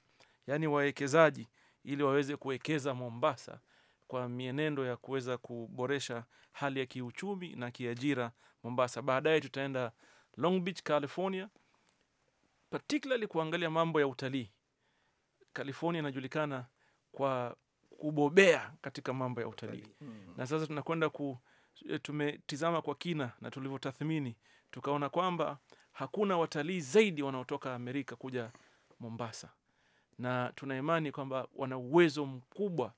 yaani wawekezaji, ili waweze kuwekeza Mombasa kwa mienendo ya kuweza kuboresha hali ya kiuchumi na kiajira Mombasa. Baadaye tutaenda Long Beach, California, particularly kuangalia mambo ya utalii. California inajulikana kwa kubobea katika mambo ya utalii mm. Na sasa tunakwenda ku eh, tumetizama kwa kina na tulivyotathmini, tukaona kwamba hakuna watalii zaidi wanaotoka Amerika kuja Mombasa, na tuna imani kwamba wana uwezo mkubwa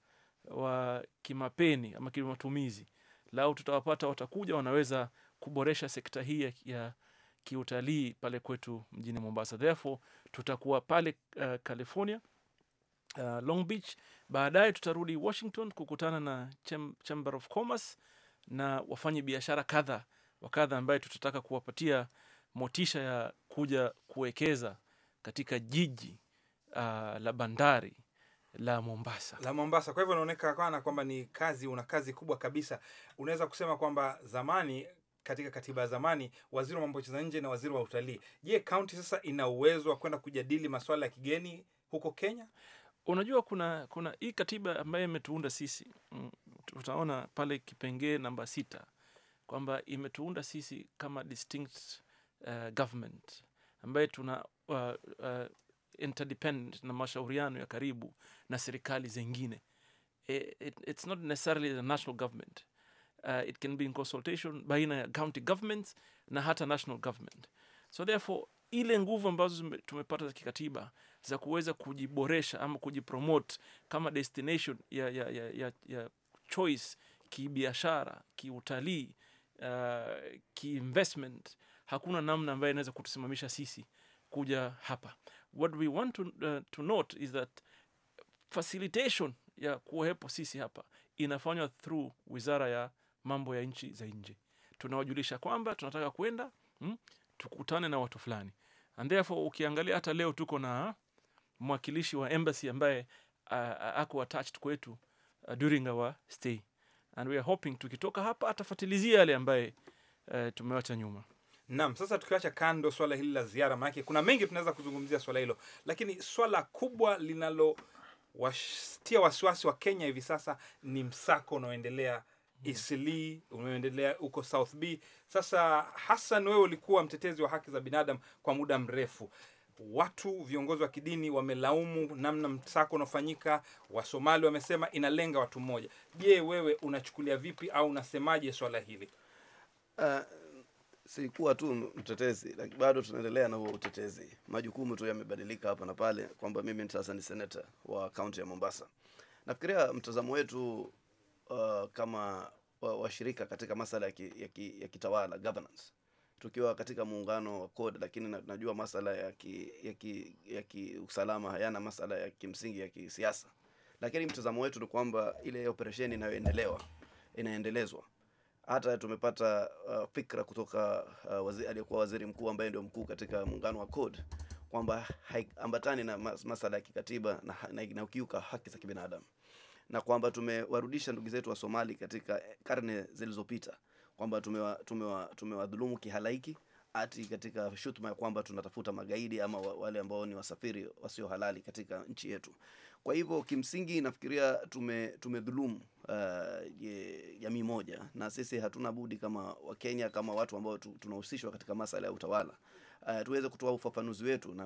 wa kimapeni ama kimatumizi lau tutawapata watakuja wanaweza kuboresha sekta hii ya, ya kiutalii pale kwetu mjini mombasa therefore tutakuwa pale uh, california uh, long beach baadaye tutarudi washington kukutana na Cham chamber of commerce na wafanye biashara kadha wa kadha ambaye tutataka kuwapatia motisha ya kuja kuwekeza katika jiji uh, la bandari la Mombasa, la Mombasa. Kwa hivyo inaonekana kwamba ni kazi, una kazi kubwa kabisa. Unaweza kusema kwamba zamani katika katiba ya zamani waziri wa mambo ya nje na waziri wa utalii. Je, kaunti sasa ina uwezo wa kwenda kujadili masuala ya kigeni huko Kenya? Unajua, kuna kuna hii katiba ambayo imetuunda sisi, mm, utaona pale kipengee namba sita kwamba imetuunda sisi kama distinct uh, government ambaye tuna uh, uh, interdependent na mashauriano ya karibu na serikali zingine. It, eh, it, it's not necessarily the national government. Uh, it can be in consultation baina ya county governments na hata national government. So therefore ile nguvu ambazo tumepata za kikatiba za kuweza kujiboresha ama kujipromote kama destination ya, ya, ya, ya, ya choice kibiashara, kiutalii, uh, kiinvestment, hakuna namna ambayo inaweza kutusimamisha sisi kuja hapa what we want to, uh, to note is that facilitation ya kuwepo sisi hapa inafanywa through wizara ya mambo ya nchi za nje tunawajulisha kwamba tunataka kwenda mm, tukutane na watu fulani and therefore ukiangalia hata leo tuko na mwakilishi wa embassy ambaye uh, ako attached kwetu uh, during our stay and we are hoping tukitoka hapa atafatilizia yale ambaye uh, tumewacha nyuma Naam, sasa tukiwacha kando swala hili la ziara, maanake kuna mengi tunaweza kuzungumzia swala hilo, lakini swala kubwa linalowatia wasiwasi wa Kenya hivi sasa ni msako unaoendelea Isili umeendelea huko South B. Sasa Hassan, wewe ulikuwa mtetezi wa haki za binadamu kwa muda mrefu. Watu viongozi wa kidini wamelaumu namna msako unaofanyika. Wasomali wamesema inalenga watu mmoja. Je, wewe unachukulia vipi au unasemaje swala hili? Uh, sikuwa tu mtetezi lakini bado tunaendelea na huo utetezi. Majukumu tu yamebadilika hapa na pale, kwamba mimi sasa ni seneta wa kaunti ya Mombasa. Nafikiria mtazamo wetu uh, kama washirika wa katika masala ya, ki, ya, ki, ya kitawala governance, tukiwa katika muungano wa code, lakini najua masala ya ki, ya ki, ya kiusalama hayana masala ya kimsingi ya kisiasa, lakini mtazamo wetu ni kwamba ile operesheni inayoendelewa inaendelezwa hata tumepata uh, fikra kutoka uh, wazi, aliyekuwa waziri mkuu ambaye ndio mkuu katika muungano wa CORD kwamba haiambatani na mas, masala ya kikatiba na, na, na ukiuka haki za kibinadamu na kwamba tumewarudisha ndugu zetu wa Somali katika karne zilizopita kwamba tumewadhulumu tumewa, tumewa kihalaiki ati katika shutuma ya kwamba tunatafuta magaidi ama wale ambao ni wasafiri wasio halali katika nchi yetu. Kwa hivyo kimsingi nafikiria tume tumedhulumu uh, jamii moja, na sisi hatuna budi kama Wakenya, kama watu ambao tunahusishwa katika masala ya utawala uh, tuweze kutoa ufafanuzi wetu na,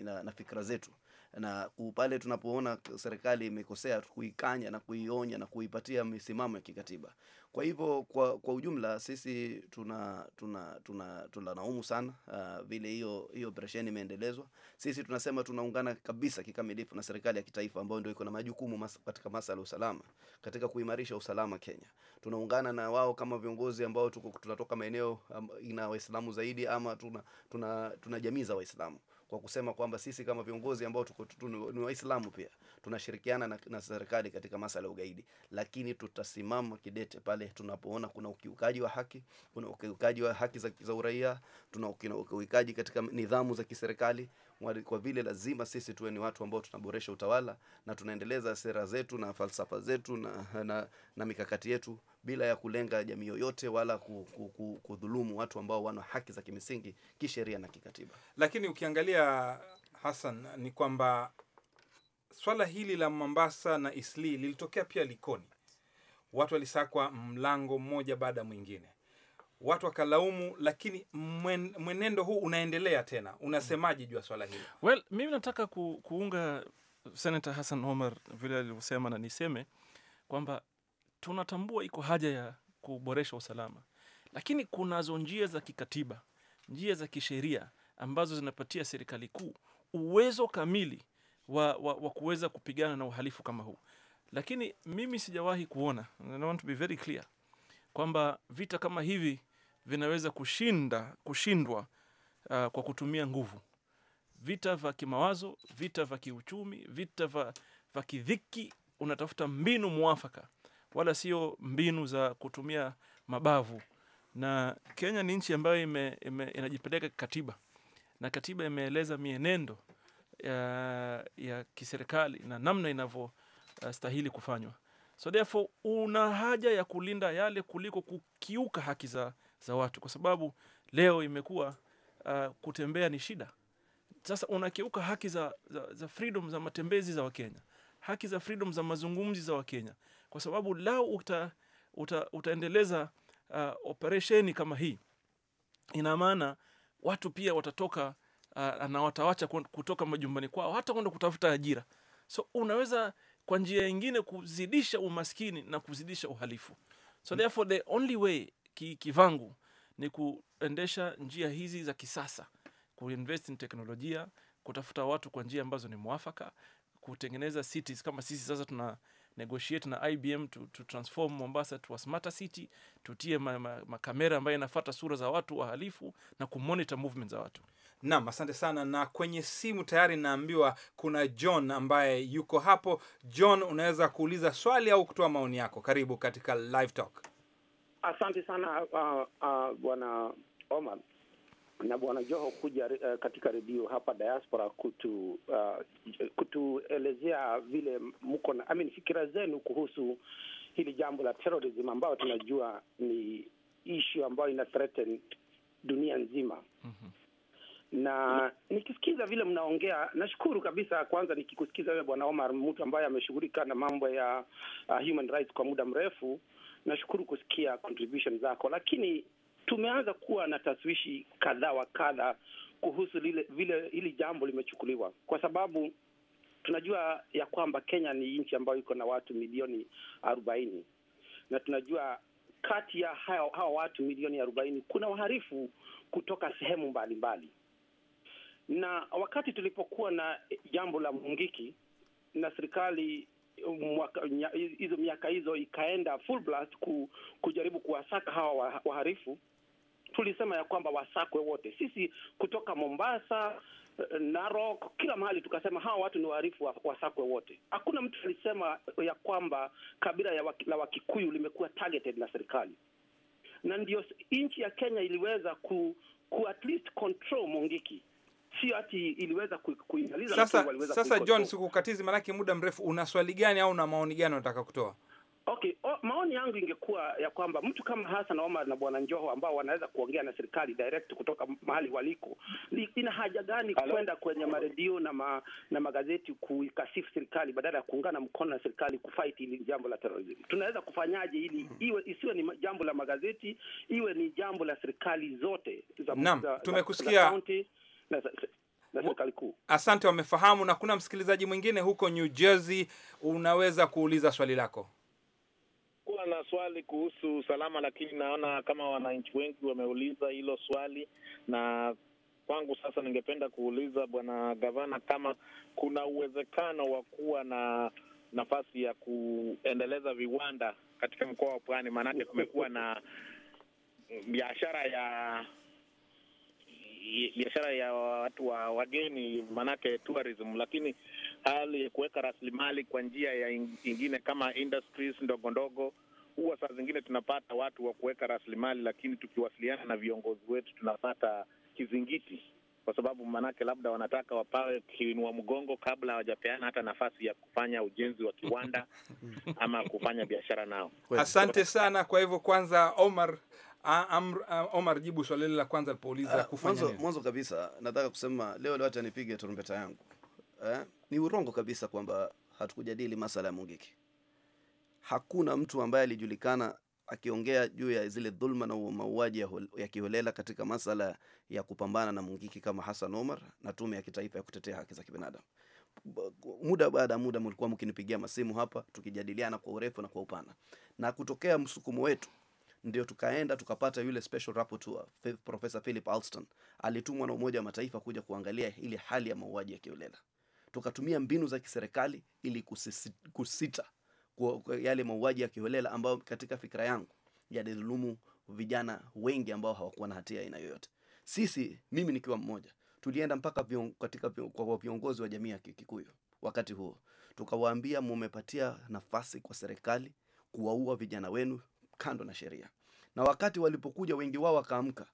na, na fikra zetu na pale tunapoona serikali imekosea kuikanya na kuionya na kuipatia misimamo ya kikatiba. Kwa hivyo kwa, kwa ujumla sisi tuna tuna tuna tunalaumu sana uh, vile hiyo hiyo operesheni imeendelezwa. Sisi tunasema tunaungana kabisa kikamilifu na serikali ya kitaifa ambayo ndio iko na majukumu mas, katika masala ya usalama, katika kuimarisha usalama Kenya. Tunaungana na wao kama viongozi ambao tuko tunatoka maeneo um, ina Waislamu zaidi ama tuna tuna, tuna jamii za Waislamu kwa kusema kwamba sisi kama viongozi ambao tuko ni Waislamu pia tunashirikiana na, na serikali katika masala ya ugaidi, lakini tutasimama kidete pale tunapoona kuna ukiukaji wa haki, kuna ukiukaji wa haki za, za uraia, tuna ukiukaji katika nidhamu za kiserikali kwa vile lazima sisi tuwe ni watu ambao tunaboresha utawala na tunaendeleza sera zetu na falsafa zetu na, na, na mikakati yetu bila ya kulenga jamii yoyote wala kudhulumu watu ambao wana haki za kimisingi kisheria na kikatiba. Lakini ukiangalia Hassan, ni kwamba swala hili la Mombasa na Isli lilitokea pia Likoni, watu walisakwa mlango mmoja baada ya mwingine watu wakalaumu, lakini mwen, mwenendo huu unaendelea tena. Unasemaje juu ya swala hili? Well, mimi nataka ku, kuunga Senator Hassan Omar vile alivyosema, na niseme kwamba tunatambua iko haja ya kuboresha usalama, lakini kunazo njia za kikatiba, njia za kisheria ambazo zinapatia serikali kuu uwezo kamili wa, wa, wa kuweza kupigana na uhalifu kama huu, lakini mimi sijawahi kuona, and I want to be very clear kwamba vita kama hivi vinaweza kushinda kushindwa uh, kwa kutumia nguvu. Vita vya kimawazo, vita vya kiuchumi, vita vya kidhiki, unatafuta mbinu mwafaka, wala sio mbinu za kutumia mabavu. Na Kenya ni nchi ambayo ime, ime, inajipeleka katiba na katiba imeeleza mienendo ya, ya kiserikali na namna inavyostahili uh, kufanywa. So therefore una haja ya kulinda yale kuliko kukiuka haki za za watu, kwa sababu leo imekuwa uh, kutembea ni shida. Sasa unakiuka haki za, za, za freedom za matembezi za Wakenya, haki za freedom za mazungumzi za Wakenya, kwa sababu lao uta, uta, utaendeleza uh, operesheni kama hii, ina maana watu pia watatoka uh, na watawacha kutoka majumbani kwao hata kwenda kutafuta ajira. So unaweza kwa njia nyingine kuzidisha umaskini na kuzidisha uhalifu. So therefore the only way ki, kivangu ni kuendesha njia hizi za kisasa, kuinvest in teknolojia, kutafuta watu kwa njia ambazo ni mwafaka, kutengeneza cities kama sisi sasa tuna negotiate na IBM to, to transform Mombasa to a smarter city, tutie makamera ma, ma ambayo inafata sura za watu wahalifu na kumonitor movement za watu. nam asante sana. Na kwenye simu tayari naambiwa kuna John ambaye yuko hapo. John, unaweza kuuliza swali au kutoa maoni yako. Karibu katika Live Talk. Asante sana bwana uh, uh, Omar na bwana Joho kuja uh, katika redio hapa diaspora kutu uh, kutuelezea vile mko na I mean, fikira zenu kuhusu hili jambo la terrorism ambayo tunajua ni issue ambayo ina threaten dunia nzima. mm -hmm. Na nikisikiza vile mnaongea, nashukuru kabisa. Kwanza nikikusikiza wewe bwana Omar, mtu ambaye ameshughulika na mambo ya uh, human rights kwa muda mrefu nashukuru kusikia contribution zako, lakini tumeanza kuwa na taswishi kadha wa kadha kuhusu lile vile hili jambo limechukuliwa, kwa sababu tunajua ya kwamba Kenya ni nchi ambayo iko na watu milioni arobaini na tunajua kati ya hawa, hao watu milioni arobaini kuna waharifu kutoka sehemu mbalimbali mbali. Na wakati tulipokuwa na jambo la Mungiki na serikali hizo miaka hizo ikaenda full blast ku, kujaribu kuwasaka hawa waharifu. Tulisema ya kwamba wasakwe wote, sisi kutoka Mombasa, Narok, kila mahali tukasema hawa watu ni waharifu, wasakwe wote. Hakuna mtu alisema ya kwamba kabila ya waki, la Wakikuyu limekuwa targeted na serikali, na ndio nchi ya Kenya iliweza ku, ku at least control Mungiki sio ati iliweza kuimaliza. Sasa, sasa John, sikukatizi maanake muda mrefu, una swali gani au una maoni gani unataka kutoa? Okay, o, maoni yangu ingekuwa ya kwamba mtu kama Hassan Omar na bwana Njoho ambao wanaweza kuongea na serikali direct kutoka mahali waliko, ina haja gani kwenda kwenye maredio na, ma, na magazeti kuikasifu serikali badala ya kuungana mkono na serikali kufight ili jambo la terrorism? Tunaweza kufanyaje ili hmm. iwe isiwe ni jambo la magazeti, iwe ni jambo la serikali zote za, naam, tumekusikia za county na, na serikali kuu. Asante, wamefahamu. Na kuna msikilizaji mwingine huko New Jersey, unaweza kuuliza swali lako. Kuwa na swali kuhusu usalama, lakini naona kama wananchi wengi wameuliza hilo swali na kwangu sasa, ningependa kuuliza bwana gavana kama kuna uwezekano wa kuwa na nafasi ya kuendeleza viwanda katika mkoa wa Pwani, maanake kumekuwa na biashara ya biashara ya watu wa wageni, maanake tourism, lakini hali ya kuweka rasilimali kwa njia ya ingine kama industries ndogo ndogo huwa saa zingine tunapata watu wa kuweka rasilimali, lakini tukiwasiliana na viongozi wetu tunapata kizingiti, kwa sababu maanake labda wanataka wapawe kiinua mgongo kabla hawajapeana hata nafasi ya kufanya ujenzi wa kiwanda ama kufanya biashara nao. Asante sana. Kwa hivyo kwanza, Omar Omar, jibu swali lile la kwanza alipouliza ah, kufanya nini. Mwanzo, kabisa nataka kusema leo leo acha nipige tarumbeta yangu eh? Ni urongo kabisa kwamba hatukujadili masala ya Mungiki. Hakuna mtu ambaye alijulikana akiongea juu ya zile dhulma na mauaji ya kiholela katika masala ya kupambana na Mungiki kama Hassan Omar na tume ya kitaifa ya kutetea haki za kibinadamu. Muda baada ya muda mlikuwa mkinipigia masimu hapa tukijadiliana kwa urefu na kwa upana, na kutokea msukumo wetu ndio tukaenda tukapata yule special rapporteur Professor Philip Alston alitumwa na Umoja wa Mataifa kuja kuangalia ile hali ya mauaji ya kiolela. Tukatumia mbinu za kiserikali ili kusisi, kusita kwa yale mauaji ya kiholela ambayo katika fikra yangu yalidhulumu vijana wengi ambao hawakuwa na hatia aina yoyote. Sisi mimi nikiwa mmoja, tulienda mpaka vion, katika vion, kwa viongozi wa jamii ya Kikuyu wakati huo, tukawaambia mumepatia nafasi kwa serikali kuwaua vijana wenu kando na sheria. Na wakati walipokuja wengi wao wakaamka,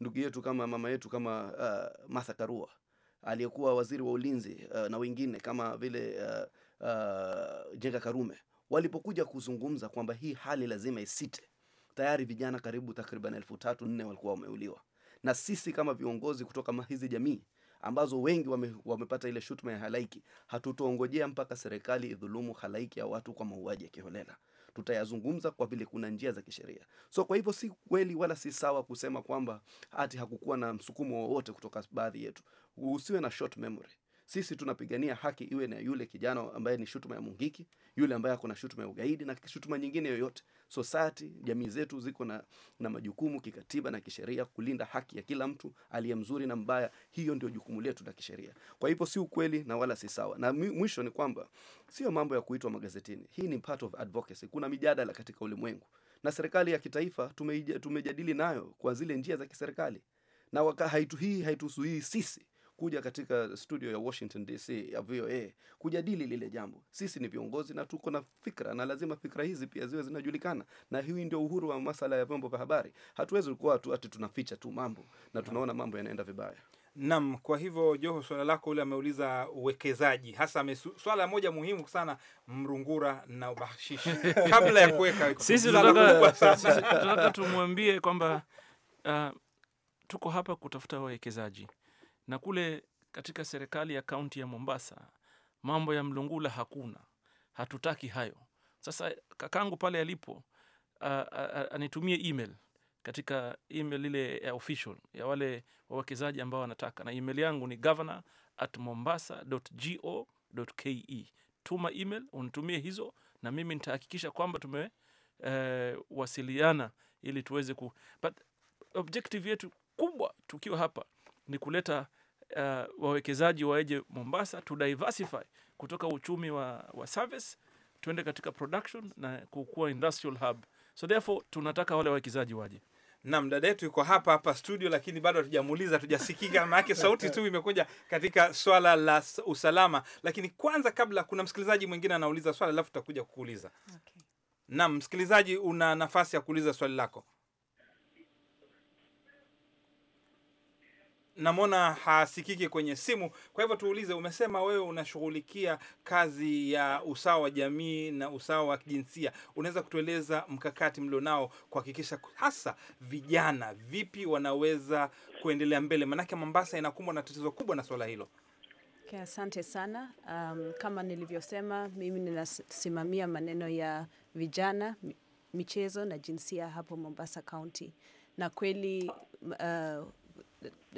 ndugu yetu kama mama yetu kama uh, Martha Karua aliyekuwa waziri wa ulinzi uh, na wengine kama vile uh, uh, Jenga Karume walipokuja kuzungumza kwamba hii hali lazima isite, tayari vijana karibu takriban elfu tatu nne walikuwa wameuliwa. Na sisi kama viongozi kutoka hizi jamii ambazo wengi wame, wamepata ile shutuma ya halaiki, hatutoongojea mpaka serikali idhulumu halaiki ya watu kwa mauaji ya kiholela tutayazungumza kwa vile kuna njia za kisheria. So kwa hivyo si kweli wala si sawa kusema kwamba hati hakukuwa na msukumo wowote kutoka baadhi yetu. Usiwe na short memory. Sisi tunapigania haki, iwe na yule kijana ambaye ni shutuma ya Mungiki, yule ambaye ako na shutuma ya ugaidi na shutuma nyingine yoyote. sosati jamii zetu ziko na, na majukumu kikatiba na kisheria kulinda haki ya kila mtu aliye mzuri na mbaya. Hiyo ndio jukumu letu la kisheria. Kwa hivyo si ukweli na wala si sawa, na mwisho ni kwamba sio mambo ya kuitwa magazetini. Hii ni part of advocacy. Kuna mijadala katika ulimwengu na serikali ya kitaifa tumejadili nayo kwa zile njia za kiserikali na waka haitu hii haituhusu hii sisi kuja katika studio ya Washington DC ya VOA kujadili lile jambo. Sisi ni viongozi na tuko na fikra, na lazima fikra hizi pia ziwe zinajulikana, na hii ndio uhuru wa masala ya vyombo vya habari. Hatuwezi kuwa tu ati tunaficha tu mambo na tunaona mambo yanaenda vibaya. nam kwa hivyo Joho, swala lako ule ameuliza uwekezaji hasa swala moja muhimu sana, mrungura na ubashishi kabla ya kuweka sisi tunataka tumwambie kwamba uh, tuko hapa kutafuta wawekezaji na kule katika serikali ya kaunti ya Mombasa mambo ya mlungula hakuna, hatutaki hayo. Sasa kakangu pale alipo anitumie email katika email ile ya official ya wale wawekezaji ambao wanataka, na email yangu ni governor at ke. Tuma email unitumie hizo, na mimi nitahakikisha kwamba tumewasiliana e, uh, ili tuweze ku but objective yetu kubwa tukiwa hapa ni kuleta uh, wawekezaji waeje Mombasa tu diversify kutoka uchumi wa, wa service tuende katika production na kukuwa industrial hub, so therefore tunataka wale wawekezaji waje Nam, dada yetu yuko hapa hapa studio, lakini bado hatujamuuliza, hatujasikika maanake sauti tu imekuja katika swala la usalama. Lakini kwanza, kabla kuna msikilizaji mwingine anauliza swala, alafu tutakuja kukuuliza. Okay. Nam, msikilizaji, una nafasi ya kuuliza swali lako. namwona hasikiki kwenye simu. Kwa hivyo tuulize, umesema wewe unashughulikia kazi ya usawa wa jamii na usawa wa kijinsia. Unaweza kutueleza mkakati mlionao kuhakikisha hasa vijana vipi wanaweza kuendelea mbele, manake Mombasa inakumbwa na tatizo kubwa na swala hilo? Okay, asante sana. Um, kama nilivyosema, mimi ninasimamia maneno ya vijana, michezo na jinsia hapo Mombasa County, na kweli uh,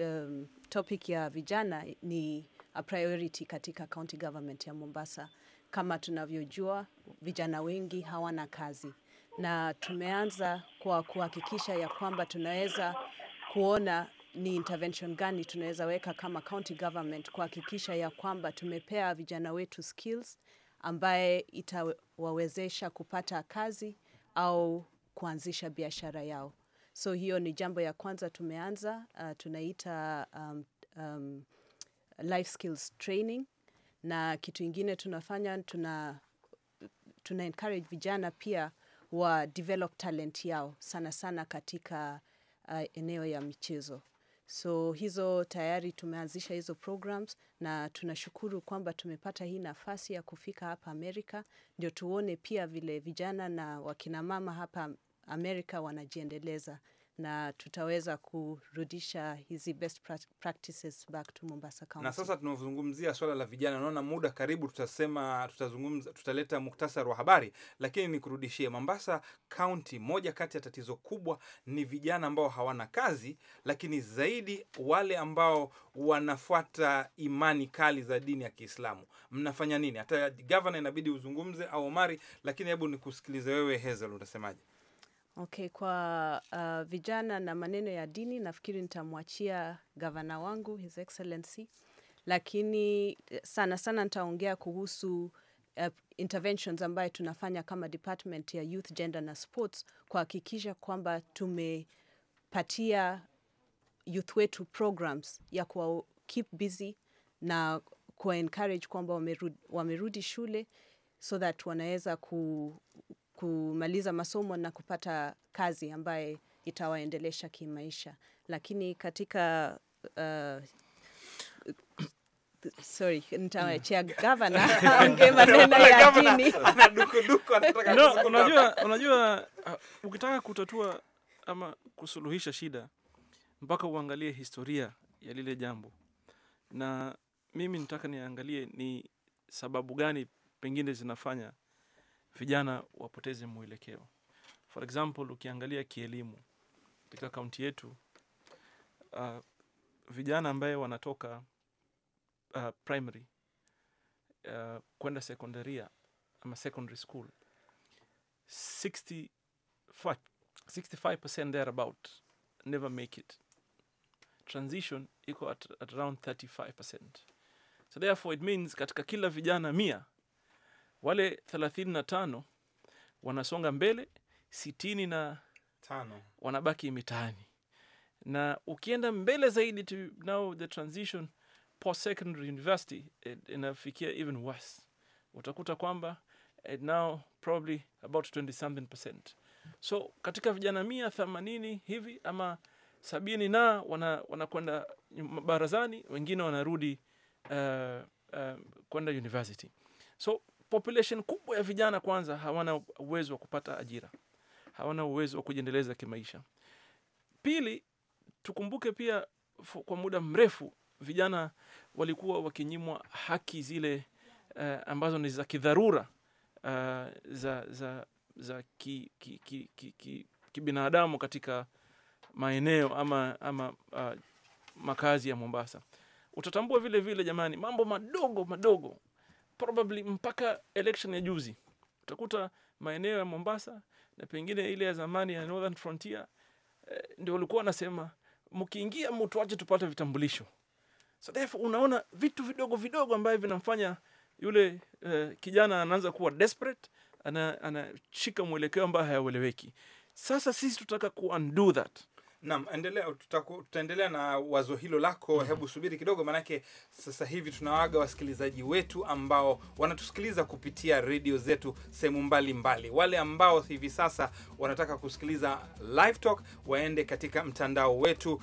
um, topic ya vijana ni a priority katika county government ya Mombasa. Kama tunavyojua, vijana wengi hawana kazi, na tumeanza kwa kuhakikisha ya kwamba tunaweza kuona ni intervention gani tunaweza weka kama county government kuhakikisha ya kwamba tumepea vijana wetu skills ambaye itawawezesha kupata kazi au kuanzisha biashara yao. So hiyo ni jambo ya kwanza tumeanza, uh, tunaita um, um, life skills training, na kitu ingine tunafanya tuna, tuna encourage vijana pia wa develop talent yao sana sana katika uh, eneo ya michezo. So hizo tayari tumeanzisha hizo programs na tunashukuru kwamba tumepata hii nafasi ya kufika hapa Amerika ndio tuone pia vile vijana na wakinamama hapa Amerika wanajiendeleza na tutaweza kurudisha hizi best practices back to Mombasa County. Na sasa tunazungumzia swala la vijana, naona muda karibu, tutasema tutazungumza, tutaleta muktasari wa habari, lakini ni kurudishie Mombasa County. Moja kati ya tatizo kubwa ni vijana ambao hawana kazi, lakini zaidi wale ambao wanafuata imani kali za dini ya Kiislamu. Mnafanya nini? Hata gavana inabidi uzungumze au Omari, lakini hebu nikusikilize wewe Hazel, utasemaje? Okay, kwa uh, vijana na maneno ya dini nafikiri nitamwachia gavana wangu His Excellency, lakini sana sana nitaongea kuhusu uh, interventions ambayo tunafanya kama department ya youth, gender na sports kuhakikisha kwamba tumepatia youth wetu programs ya kuwa keep busy na kuwa encourage kwamba wamerudi, wamerudi shule so that wanaweza ku kumaliza masomo na kupata kazi ambaye itawaendelesha kimaisha, lakini katika uh, sorry, nitawachia gavana aongee maneno ya dini. No, unajua, unajua uh, ukitaka kutatua ama kusuluhisha shida mpaka uangalie historia ya lile jambo, na mimi nitaka niangalie ni sababu gani pengine zinafanya vijana wapoteze mwelekeo. For example, ukiangalia kielimu katika kaunti yetu uh, vijana ambaye wanatoka uh, primary uh, kwenda sekondaria ama secondary school 65, 65% thereabout never make it transition iko at, at around 35% so therefore it means katika kila vijana mia wale 35 wanasonga mbele, sitini na tano wanabaki mitaani, na ukienda mbele zaidi to now the transition post secondary university inafikia even worse. Utakuta kwamba eh, now probably about 20 something percent. So katika vijana mia themanini hivi ama sabini na wanakwenda wana barazani, wengine wanarudi uh, uh, kwenda university so population kubwa ya vijana kwanza hawana uwezo wa kupata ajira, hawana uwezo wa kujiendeleza kimaisha. Pili, tukumbuke pia kwa muda mrefu vijana walikuwa wakinyimwa haki zile uh, ambazo ni za kidharura uh, za, za, za kibinadamu ki, ki, ki, ki, ki katika maeneo ama, ama uh, makazi ya Mombasa. Utatambua vile vile, jamani, mambo madogo madogo probably mpaka election ya juzi utakuta maeneo ya Mombasa na pengine ile ya zamani ya Northern Frontier eh, ndio walikuwa wanasema mkiingia aje tupate vitambulisho. So therefore unaona vitu vidogo vidogo ambavyo vinamfanya yule eh, kijana anaanza kuwa desperate, anashika ana mwelekeo ambayo hayaueleweki. Sasa sisi tutaka ku undo that Naam, endelea, tutaendelea na wazo hilo lako. mm -hmm. Hebu subiri kidogo, maanake sasa hivi tunawaaga wasikilizaji wetu ambao wanatusikiliza kupitia redio zetu sehemu mbalimbali. Wale ambao hivi sasa wanataka kusikiliza Live Talk waende katika mtandao wetu